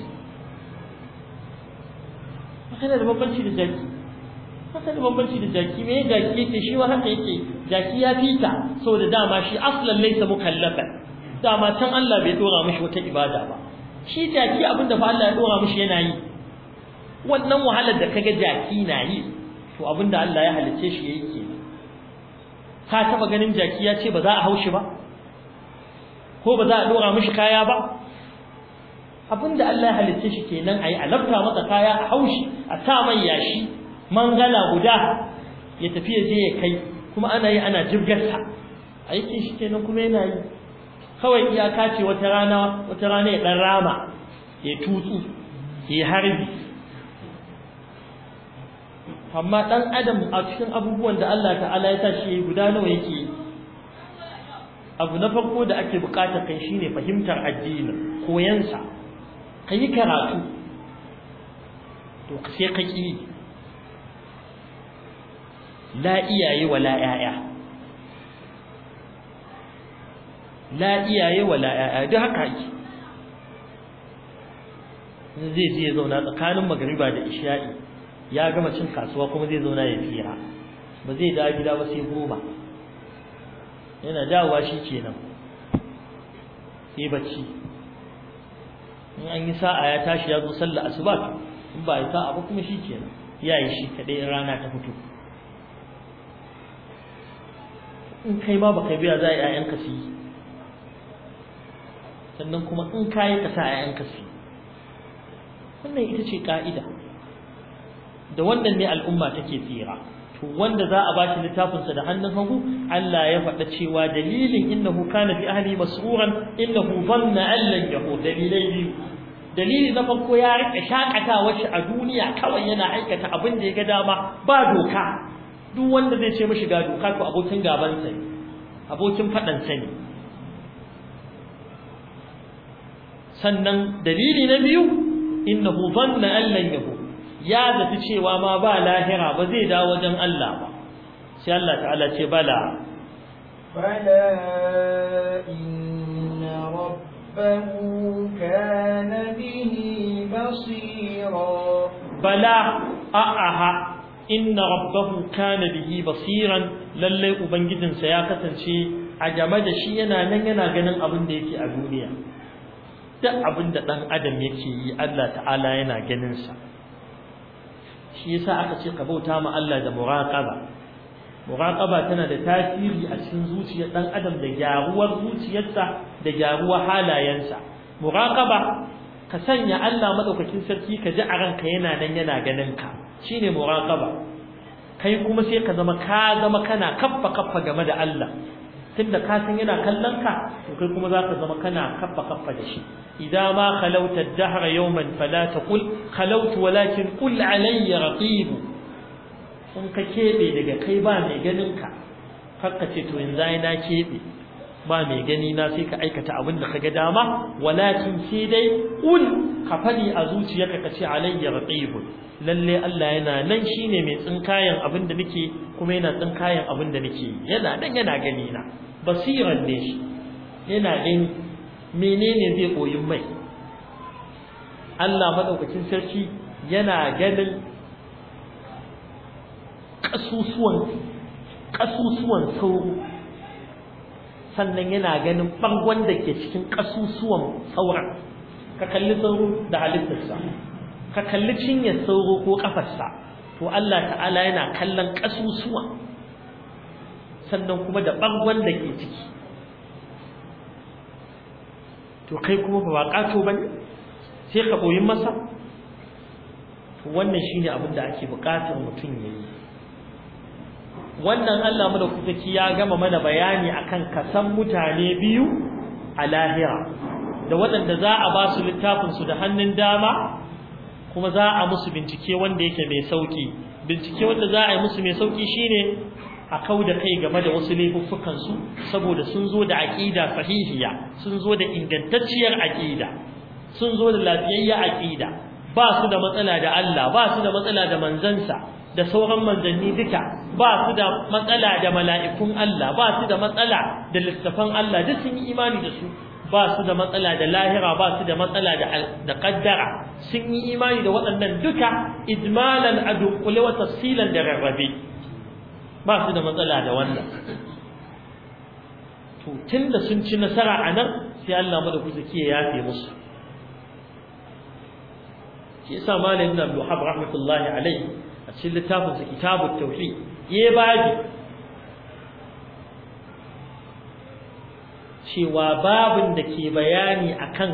kana da bambanci da zaki kana da bambanci da zaki. me zaki yake shi wa haka yake zaki ya fita saboda dama shi aslan laysa mukallafa dama can Allah bai dora mishi wata ibada ba shi zaki abin da fa Allah ya dora mishi yana yi wannan wahalar da kaga zaki na yi to abin da Allah ya halice shi yake ka taba ganin jaki ya ce ba za a haushi ba ko ba za a dora mishi kaya ba da Allah ya halitta shi kenan ayi a lafta masa kaya a haushi a ta mai yashi mangala guda ya tafi ya je ya kai kuma ana yi ana jibgarsa aikin shi kenan kuma yana yi kawai iyaka ce wata rana wata rana ya dan rama ya tutsu ya harbi amma dan adam a cikin abubuwan da Allah ta'ala ya tashi guda nawa yake abu na farko da ake bukatar kai shine fahimtar addini koyansa ka yi karatu to sai ka ƙi la iyaye wa la la iyaye wa la duk haka ake zai je ya zauna tsakanin magariba da isha'i ya gama cin kasuwa kuma zai zauna ya fira ba zai dawo gida ba sai goma yana dawowa shi kenan sai bacci in an yi sa'a ya tashi ya zo sallah asuba in ba ya sa'a ba kuma shi kenan ya yi shi kadai in rana ta fito in kai ma baka biya za a yi 'ya'yanka kasi sannan kuma in kayi ka sa 'ya'yanka su wannan ita ce ka'ida da wannan ne al'umma take tsira to wanda za a bashi littafinsa da hannun hagu Allah ya faɗa cewa dalilin innahu kana bi ahli masruran innahu dhanna an lan yahud dalilai biyu dalili na farko ya rika shakatawa shi a duniya kawai yana aikata abin da ya ga dama ba doka duk wanda zai ce mishi ga doka ko abokin gaban sa ne abokin faɗan sa ne sannan dalili na biyu innahu dhanna an lan ya zafi cewa ma ba lahira ba zai dawo wajen Allah ba sai Allah ta'ala ce bala bala inna rabbahu kana bihi basira bala a'aha inna rabbahu kana bihi basiran lalle ubangijinsa ya kasance a game da shi yana nan yana ganin abin da yake a duniya duk abin da dan adam yake yi Allah ta'ala yana ganin sa shi yasa aka ce ka bauta ma Allah da muraqaba muraqaba tana da tasiri a cikin zuciyar dan adam da gyaruwar zuciyarsa da gyaruwar halayensa muraqaba ka sanya Allah madaukakin sarki ka ji a ranka yana nan yana ganin ka shine muraqaba kai kuma sai ka zama ka zama kana kaffa kaffa game da Allah tunda ka san yana kallon ka to kai kuma zaka zama kana kaffa kaffa da shi idan ma khalauta ad-dahra yawman fala taqul khalautu walakin qul alayya raqib Kun ka kebe daga kai ba mai ganin ka fakka ce to yanzu ai na kebe ba mai gani na sai ka aikata abin da ga dama walakin sai dai ul ka fadi a zuciyarka ka ce alayya raqib lalle Allah yana nan shine mai tsinkayen abin da nake kuma yana tsinkayen abin da nake yana nan yana gani na basiran ne shi yana gani menene zai koyi mai Allah madaukakin sarki yana ganin kasusuwan kasusuwan sauro sannan yana ganin bangon da ke cikin kasusuwan sauran ka kalli sauro da halittarsa ka kalli cinyar sauro ko kafarsa to Allah ta'ala yana kallon ƙasusuwa sannan kuma da bangon da ke ciki to kai kuma ba ba ne? sai ka koyi masa to wannan shine abin da ake bukatar mutum yayi wannan Allah mu da kusaci ya gama mana bayani akan kasan mutane biyu a lahira da waɗanda za a ba su littafin su da hannun dama kuma za a musu bincike wanda yake mai sauki bincike wanda za a yi musu mai sauki shine a kau da kai game da wasu laifuffukan su saboda sun zo da aqida sahihiya sun zo da ingantacciyar aqida sun zo da lafiyayyar aqida ba su da matsala da Allah ba su da matsala da manzansa da sauran manzanni duka ba su da matsala da mala'ikun Allah ba su da matsala da littafan Allah duk sun yi imani da su ba su da matsala da lahira ba su da matsala da kaddara sun yi imani da waɗannan duka ijmalan a dunkule wa tafsilan da rarrabe ba su da matsala da wannan to tun da sun ci nasara a nan sai Allah da madaukaki ya yafe musu shi yasa malamin Abdul Wahab rahmatullahi alaihi a cikin littafin sa kitabu tauhid ye babi cewa babin da ke bayani akan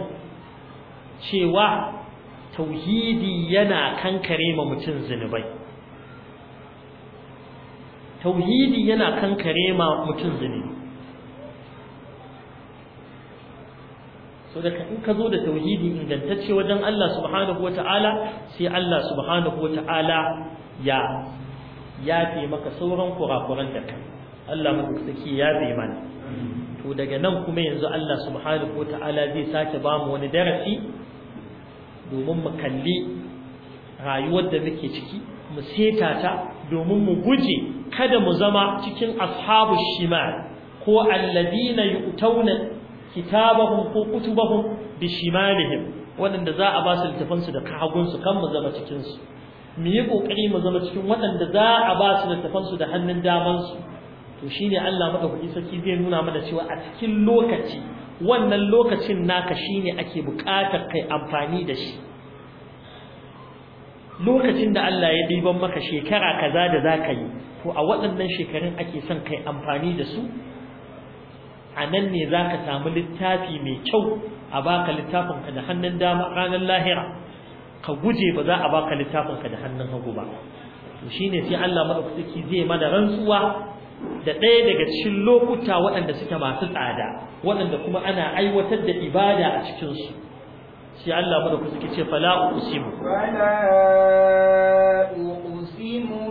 cewa tauhidi yana kankare ma mutum zunubai tauhidi yana kankare ma mutum zunubi so da in ka zo da tauhidi ingantacce wajen Allah subhanahu wata'ala sai Allah subhanahu wata'ala ya yafe maka sauran kurakuran da kai Allah muku saki yafe mana to daga nan kuma yanzu Allah subhanahu wataala zai sake ba mu wani darasi domin mu kalli rayuwar da muke ciki mu seta ta domin mu guje kada mu zama cikin ashabu shimal ko alladina yu'tawna kitabahum ko kutubahum bi shimalihim waɗanda za a ba su littafansu da kahagunsu kan mu zama cikinsu mu yi kokari mu zama cikin waɗanda za a ba su littafan su da hannun daman su to ne Allah madaukaki sarki zai nuna mana cewa a cikin lokaci wannan lokacin naka shine ake buƙatar kai amfani da shi lokacin da Allah ya diban maka shekara kaza da zaka yi to a waɗannan shekarun ake son kai amfani da su a nan ne zaka samu littafi mai kyau a baka littafin ka da hannun dama ranar lahira ka guje ba za a baka littafin ka da hannun hagu ba to shine sai Allah madaukaki zai mana rantsuwa da ɗaya daga cikin lokuta waɗanda suke masu tsada waɗanda kuma ana aiwatar da ibada a cikin su sai Allah madaukaki ce fala usimu fala usimu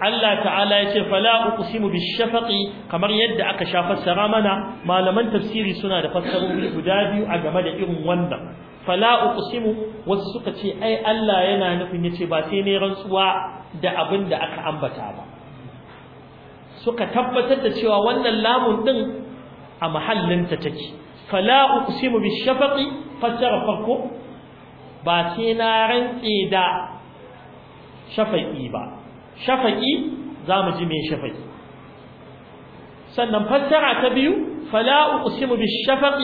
Allah ta'ala ya ce fala uqsimu bishafaqi kamar yadda aka sha fassara mana malaman tafsiri suna da fassarori guda biyu a game da irin wannan fala uqsimu wasu suka ce ai Allah yana nufin yace ba sai ne rantsuwa da abin da aka ambata ba suka tabbatar da cewa wannan lamun din a mahallinta take fala uqsimu bishafaqi fassara farko ba sai na rantse da shafaqi ba shafaqi zamu ji me shafaqi sannan fassara ta biyu fala أقسم بالشفق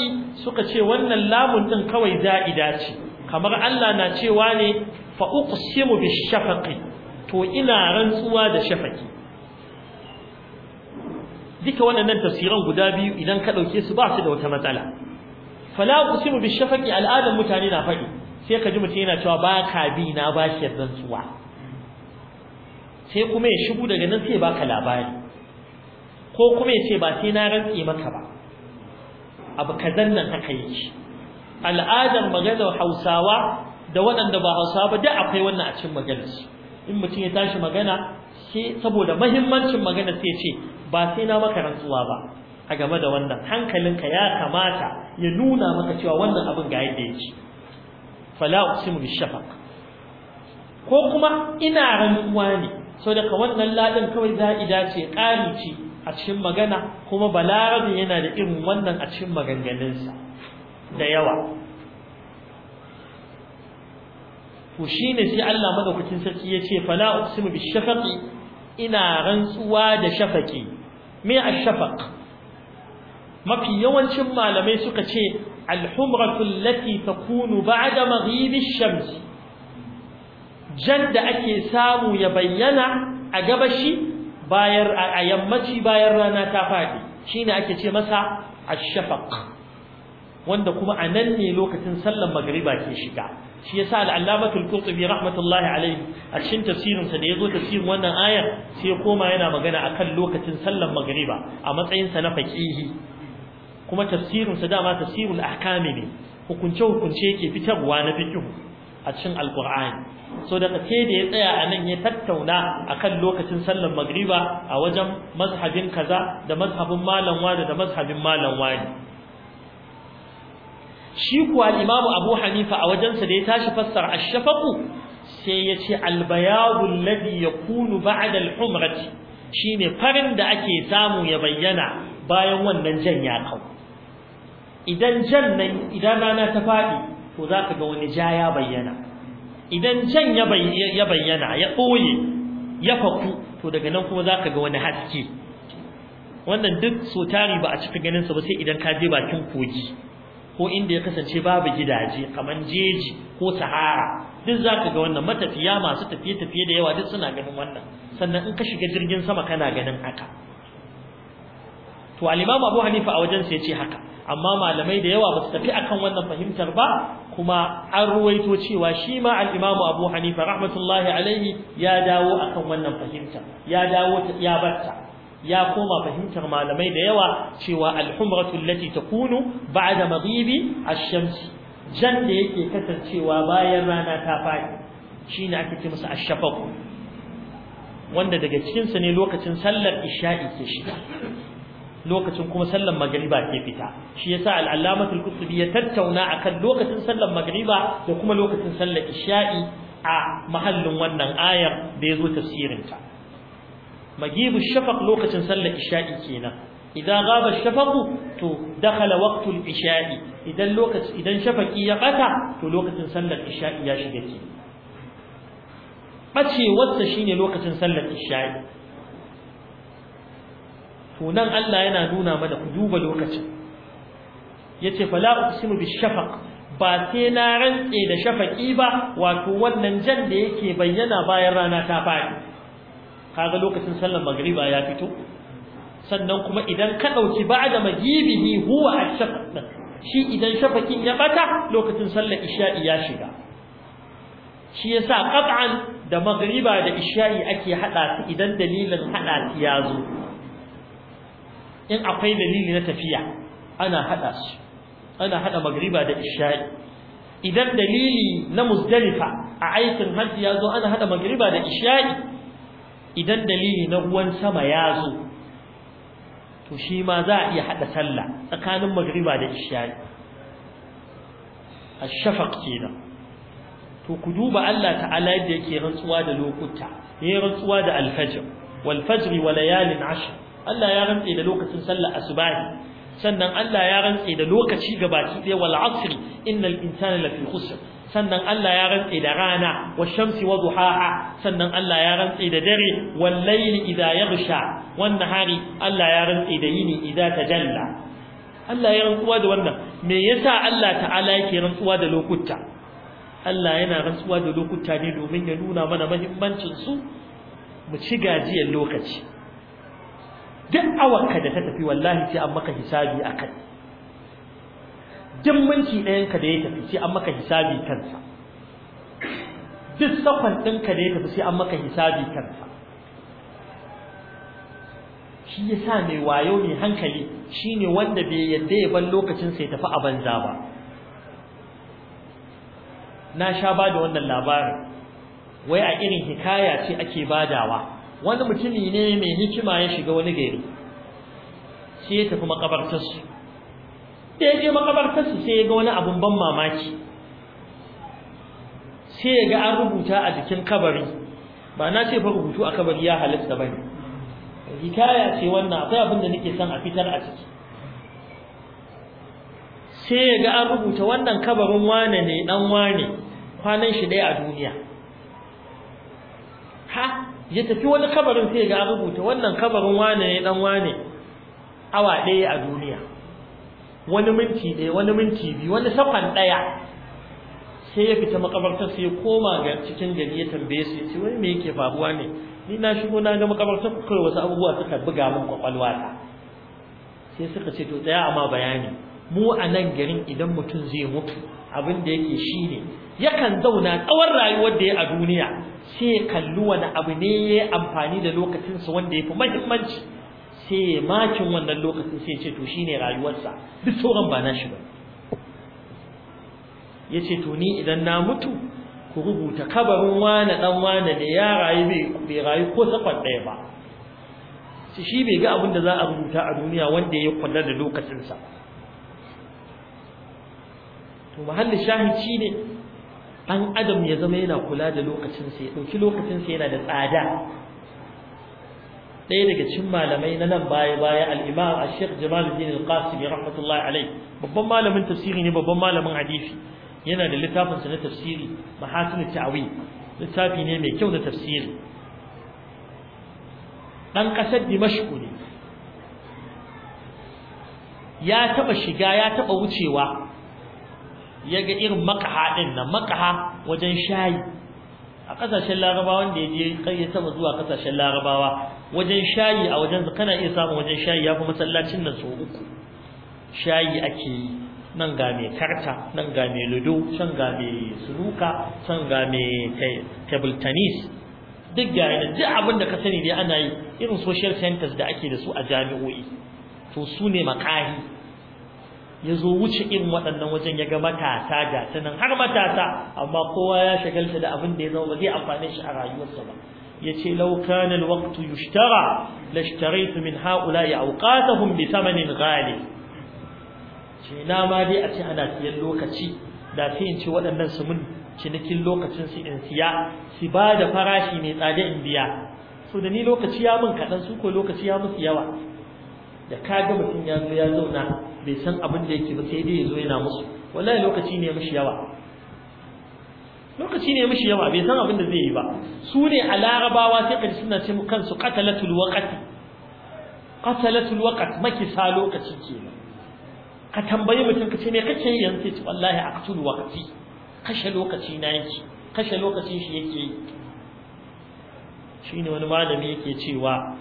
suka ce wannan lamun ɗin kawai za'ida ce kamar Allah na cewa ne fa uqsimu bishafaqi to ina rantsuwa da shafaqi duka waɗannan tafsiran guda biyu idan ka dauke su ba da wata matsala fala uqsimu bishafaqi al'adan mutane na faɗi sai ka ji mutum yana bi na kuma ya shigo daga nan sai baka labari ko kuma ya ce ba sai na rantse maka ba abu kazan nan haka yake al'adar maganar hausawa da waɗanda ba hausawa ba duk akwai wannan a cikin maganarsu in mutum ya tashi magana sai saboda mahimmancin magana sai ce ba sai na maka rantsuwa ba a game da wannan hankalinka ya kamata ya nuna maka cewa wannan abin ga yadda yake fala usimu bishafaq ko kuma ina rantsuwa ne saboda ka wannan laɗin kawai za'ida dace ƙari ce a cikin magana kuma balarabin yana da irin wannan a cikin maganganunsa da yawa to ne sai Allah madaukakin sarki ya ce fala uqsimu bishafaqi ina rantsuwa da shafaki me ashfaq mafi yawancin malamai suka ce alhumratu allati takunu ba'da maghibi shamsi. Jan da ake samu ya bayyana a gabashi bayar a yammaci bayan rana ta faɗi shine ake ce masa ash-shafaq wanda kuma a nan ne lokacin sallar magriba ke shiga shi yasa al-allamatul qurtubi rahmatullahi alayhi a cikin tafsirin sa da yazo tafsirin wannan ayar sai koma yana magana akan lokacin sallar magriba a matsayin sa na faqihi kuma tafsirin sa dama tafsirul ahkami ne hukunce hukunce yake fitarwa na fiqh a cikin alkur'ani so daga sai da ya tsaya a nan ya tattauna akan lokacin sallar magriba a wajen mazhabin kaza da mazhabin malam wani da mazhabin malam wani shi kuwa imamu abu hanifa a wajensa da ya tashi fassara ashafaku sai ya ce albayadu alladhi yakunu ba'da al-humrati shine farin da ake samu ya bayyana bayan wannan jan ya kau idan jan nan idan rana ta fadi to za ka ga wani ja ya bayyana idan jan ya bayyana ya ɓoye ya faku to daga nan kuma za ka ga wani haske wannan duk so tari ba a cika ganin sa ba sai idan ka je bakin kogi ko inda ya kasance babu gidaje kamar jeji ko sahara duk za ka ga wannan matafiya masu tafiye-tafiye da yawa duk suna ganin wannan sannan in ka shiga jirgin sama kana ganin haka to al'imamu abu hanifa a wajensa ya ce haka amma malamai da yawa ba su tafi akan wannan fahimtar ba kuma an ruwaito cewa shi ma al-Imam Abu Hanifa rahmatullahi alaihi ya dawo akan wannan fahimta ya dawo ya batta ya koma fahimtar malamai da yawa cewa al-humratu allati takunu ba'da maghibi ash-shams jan da yake kasancewa bayan rana ta fadi shine ake ce masa ash-shafaq wanda daga cikin sa ne lokacin sallar isha'i ke shiga lokacin kuma sallan magriba ke fita shi yasa al-allamatul kutubi ya tattauna akan lokacin sallan magriba da kuma lokacin sallar isha'i a mahallin wannan ayar da yazo tafsirin ta magibu shafaq lokacin sallar isha'i kenan idan gaba shafaqu to dakhala waqtul isha'i idan lokaci idan shafaqi ya bata to lokacin sallar isha'i ya shiga ke bace shine lokacin sallar isha'i Tunan Allah yana nuna mana ku duba lokacin yace fala bi bishafaq ba sai na rantse da shafaƙi ba wato wannan jan da yake bayyana bayan rana ta fadi kaga lokacin sallar magriba ya fito sannan kuma idan ka dauki ba'da magibihi huwa a shafaq shi idan shafakin ya bata lokacin sallar isha'i ya shiga shi yasa qat'an da magriba da isha'i ake haɗa su idan dalilin haɗa su ya zo in akwai dalili na tafiya ana hada su ana hada magriba da isha'i idan dalili na muzdalifa a aikin hajji ya zo ana hada magriba da isha'i idan dalili na ruwan sama ya zo to shi ma za a iya hada sallah tsakanin magriba da isha'i ash kenan to ku duba Allah ta'ala yadda yake rantsuwa da lokuta yayin rantsuwa da al-fajr wal fajr wa layalin ashr Allah ya rantse da lokacin sallar asubahi sannan Allah ya rantse da lokaci gabaki ɗaya wal asri innal insana lafi khusr sannan Allah ya rantse da rana wa shamsi wa duhaha sannan Allah ya rantse da dare wal layli idha yaghsha wan nahari Allah ya rantse da yini idza tajalla Allah ya rantsuwa da wannan me yasa Allah ta'ala yake rantsuwa da lokuta Allah yana rantsuwa da lokuta ne domin ya nuna mana muhimmancin su mu ci gajiyar lokaci duk awarka da ta tafi wallahi sai an maka hisabi a kai duk minti ɗayanka da ya tafi sai an maka hisabi kansa duk sakon ɗinka da ya tafi sai an maka hisabi kansa shi ya sa mai wayo mai hankali shi ne wanda bai yadda ya ban lokacin sai tafi a banza ba na sha ba da wannan labarin wai a irin hikaya ce ake badawa wani mutumi ne mai hikima ya shiga wani gari sai ya tafi makabartarsu da ya je makabartarsu sai ya ga wani abin ban mamaki sai ya ga an rubuta a jikin kabari ba na ce fa rubutu a kabari ya halitta ba ne hikaya ce wannan akwai abin da nake son a fitar a ciki sai ya ga an rubuta wannan kabarin wane ne dan wane kwanan shi ɗaya a duniya ha ya tafi wani kabarin sai ga rubuta wannan kabarin wane ne dan wane awa daya a duniya wani minti ɗaya wani minti biyu wani sakan ɗaya sai ya fita makabartar sai ya koma ga cikin gari ya tambaye su ce wai me yake faruwa ne ni na shigo na ga makabartar kai wasu abubuwa suka buga min kwakwalwa ta sai suka ce to tsaya amma bayani mu a nan garin idan mutum zai mutu abin da yake shine yakan zauna tsawon rayuwar da ya a duniya sai kalli wani abu ne ya yi amfani da lokacinsa wanda ya fi mahimmanci sai ya makin wannan lokacin sai ce to shi ne rayuwarsa duk sauran ba shi ba ya ce to ni idan na mutu ku rubuta kabarin wane dan wane da ya rayu bai rayu ko sakon ɗaya ba shi bai ga abin da za a rubuta a duniya wanda ya kula da lokacinsa to mahallin shahid ne. dan adam ya zama yana kula da lokacin sa ya dauki lokacin sa yana da tsada ɗaya daga cikin malamai na nan baya baya al-Imam Al-Sheikh Jamaluddin Al-Qasimi rahmatullahi alayh babban malamin tafsiri ne babban malamin hadisi yana da littafin sa na tafsiri Mahasin Ta'wil littafi ne mai kyau na tafsiri dan kasar Dimashq ne ya taba shiga ya taba wucewa ya ga irin makaha din nan makaha wajen shayi a kasashen larabawa wanda ya je kai ya taba zuwa kasashen larabawa wajen shayi a wajen kana iya samun wajen shayi ya fi masallacin nan so uku shayi ake yi nan ga mai karta nan ga mai ludo can ga mai sunuka can ga mai table tennis duk ga yana duk abin da ka sani dai ana yi irin social centers da ake da su a jami'o'i to su ne makahi ya zo wuce irin waɗannan wajen ya ga matasa ga sanin har matasa amma kowa ya shagalta da abin da ya zama ba zai amfane shi a rayuwarsa ba ya ce laukan alwaktu yushtara lashtaraitu min haula ya auqatahum bi thamanin ghali ce na ma dai a ce ana siyan lokaci da sai in ce waɗannan su mun cinikin lokacin su in siya su ba da farashi mai tsada in biya so da ni lokaci ya mun kaɗan su ko lokaci ya musu yawa da ka ga mutum ya zo ya zauna bai san abin da yake ba sai dai ya zo yana musu wallahi lokaci ne mishi yawa lokaci ne mishi yawa bai san abin da zai yi ba su ne a larabawa sai kaji suna ce mu kansu qatalatul waqti qatalatul waqt makisa lokaci kenan ka tambayi mutum ka ce me kake yi yanzu sai ce wallahi aqtul waqti kashe lokaci na yake kashe lokacin shi yake yi shine wani malami yake cewa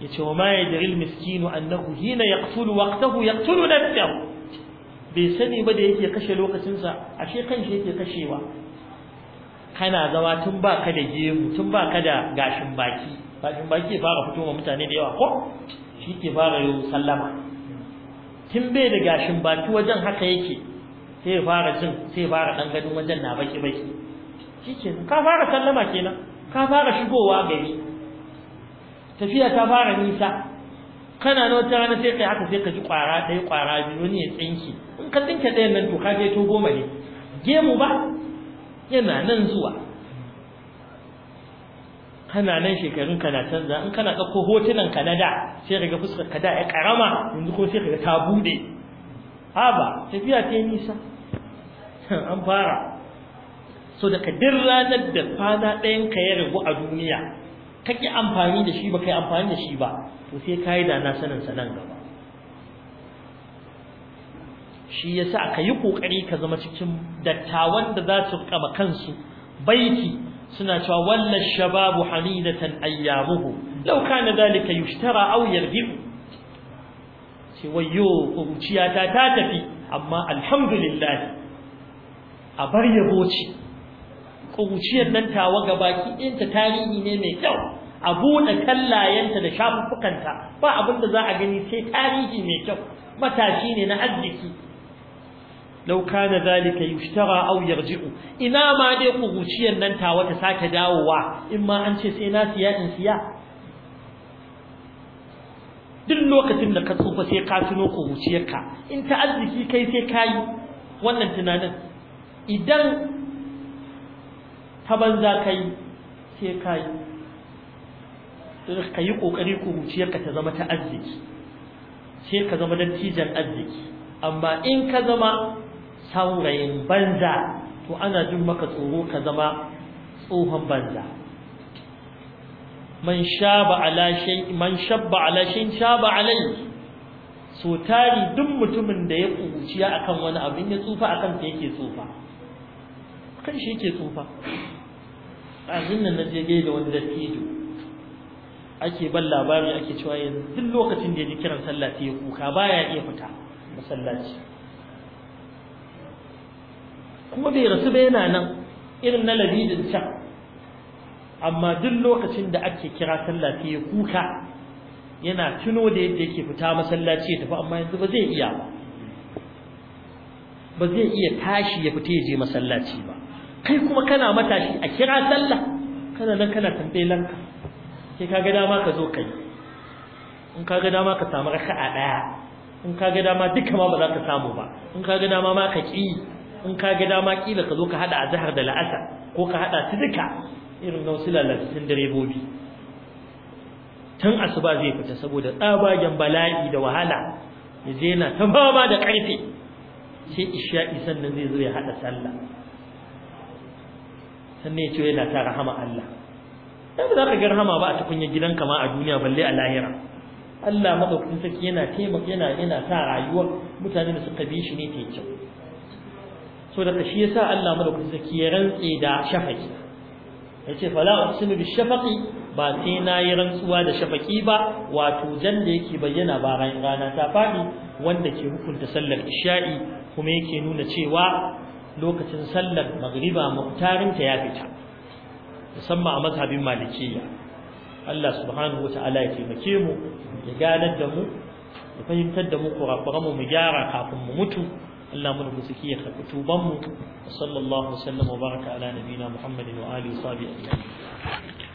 yace wa ma yadri al-miskinu annahu hina yaqtulu waqtahu yaqtulu nafsahu bai sani ba da yake kashe lokacinsa ashe kan shi yake kashewa kana zama tun ba ka da gemu tun ba ka da gashin baki gashin baki ya fara fito ma mutane da yawa ko shi ke fara yau sallama tun bai da gashin baki wajen haka yake sai ya fara jin sai ya fara dan gadin wajen na baki baki shi ke ka fara sallama kenan ka fara shigowa gari tafiya ta fara nisa kana na wata rana sai kai haka sai ka ji kwara ɗaya kwara biyu wani ya tsinki in ka tsinke ɗayan nan to ka je to goma ne gemu ba yana nan zuwa kana nan shekarun kana canza in kana ɗauko hotunan ka na da sai ka ga fuskar ka da ya karama yanzu ko sai kaga ta bude haba tafiya ta nisa an fara so daga duk ranar da kwana ɗayan ka ya ragu a duniya kake amfani da shi ba kai amfani da shi ba to sai yi da na sanin sa nan gaba shi yasa ka yi kokari ka zama cikin dattawan da za su kama kansu baiti suna cewa walla shababu hamidatan ayyamuhu law kana dalika yushtara aw yarbi'u sai wayo kuciya ta ta tafi amma alhamdulillah a bar yabo ce ƙuruciyar nan tawa ga baki inta tarihi ne mai kyau a buɗe kallayenta da shafuffukanta ba abinda da za a gani sai tarihi mai kyau matashi ne na arziki lau kana zalika yushtara aw yarji'u ina ma dai ƙuruciyar nan tawa ta sake dawowa in ma an ce sai na siya in siya duk lokacin da ka tsufa sai ka tuno ƙuruciyarka in ta arziki kai sai kayi wannan tunanin idan Ka banza ka sai kai ka yi ƙoƙari ƙuruciyarka ta zama ta arziki sai ka zama dattijan arziki amma in ka zama saurayin banza to ana jin maka tsoro ka zama tsohon banza man shaba ala shabba ala shaba alai so tari duk mutumin da ya kuciya akan wani abin ya tsufa akan ta yake tsufa kan shi yake tsufa ɗazin nan na je da wani dattijo ake ban labari ake cewa yanzu duk lokacin da ya ji kiran sallah sai ya kuka baya iya fita masallaci kuma bai rasu ba yana nan irin na labidin can amma duk lokacin da ake kira sallah sai ya kuka yana tuno da yadda yake fita masallaci ya tafi amma yanzu ba zai iya ba ba zai iya tashi ya fita ya je masallaci ba kai kuma kana matashi a kira sallah kana nan kana tambaye lanka sai kaga dama ka zo kai in kaga dama ka samu raka'a daya in kaga dama duka ma ba za ka samu ba in kaga dama ma ka ki in kaga dama kila ka zo ka hada azhar da la'asar ko ka hada su duka irin na wasu lalatattun direbobi tun asuba zai fita saboda tsabagen bala'i da wahala ya je yana ta da karfe sai isha'i sannan zai zo ya hada sallah sannan ya ce yana ta rahama Allah dan ba za ka ga rahama ba a tukunya gidanka ma a duniya balle a lahira Allah madaukakin sarki yana taimaka yana yana sa rayuwar mutane da suka bi shi ne ta kyau so da shi yasa Allah madaukakin sarki ya rantse da shafaki yace fala usimu bi shafaqi ba sai na yi rantsuwa da shafaki ba wato jan da yake bayyana bayan rana ta faɗi wanda ke hukunta sallar isha'i kuma yake nuna cewa lokacin sallar magriba muktarinta ya fita musamman a mazhabin malikiya Allah subhanahu wata'ala ya taimake mu ya ganar da mu ya fahimtar da mu kurakuran mu mu gyara kafin mu mutu Allah mu rubuta ya karɓi tuban mu sallallahu alaihi wa sallam wa baraka ala nabiyina Muhammadin wa alihi wa sahbihi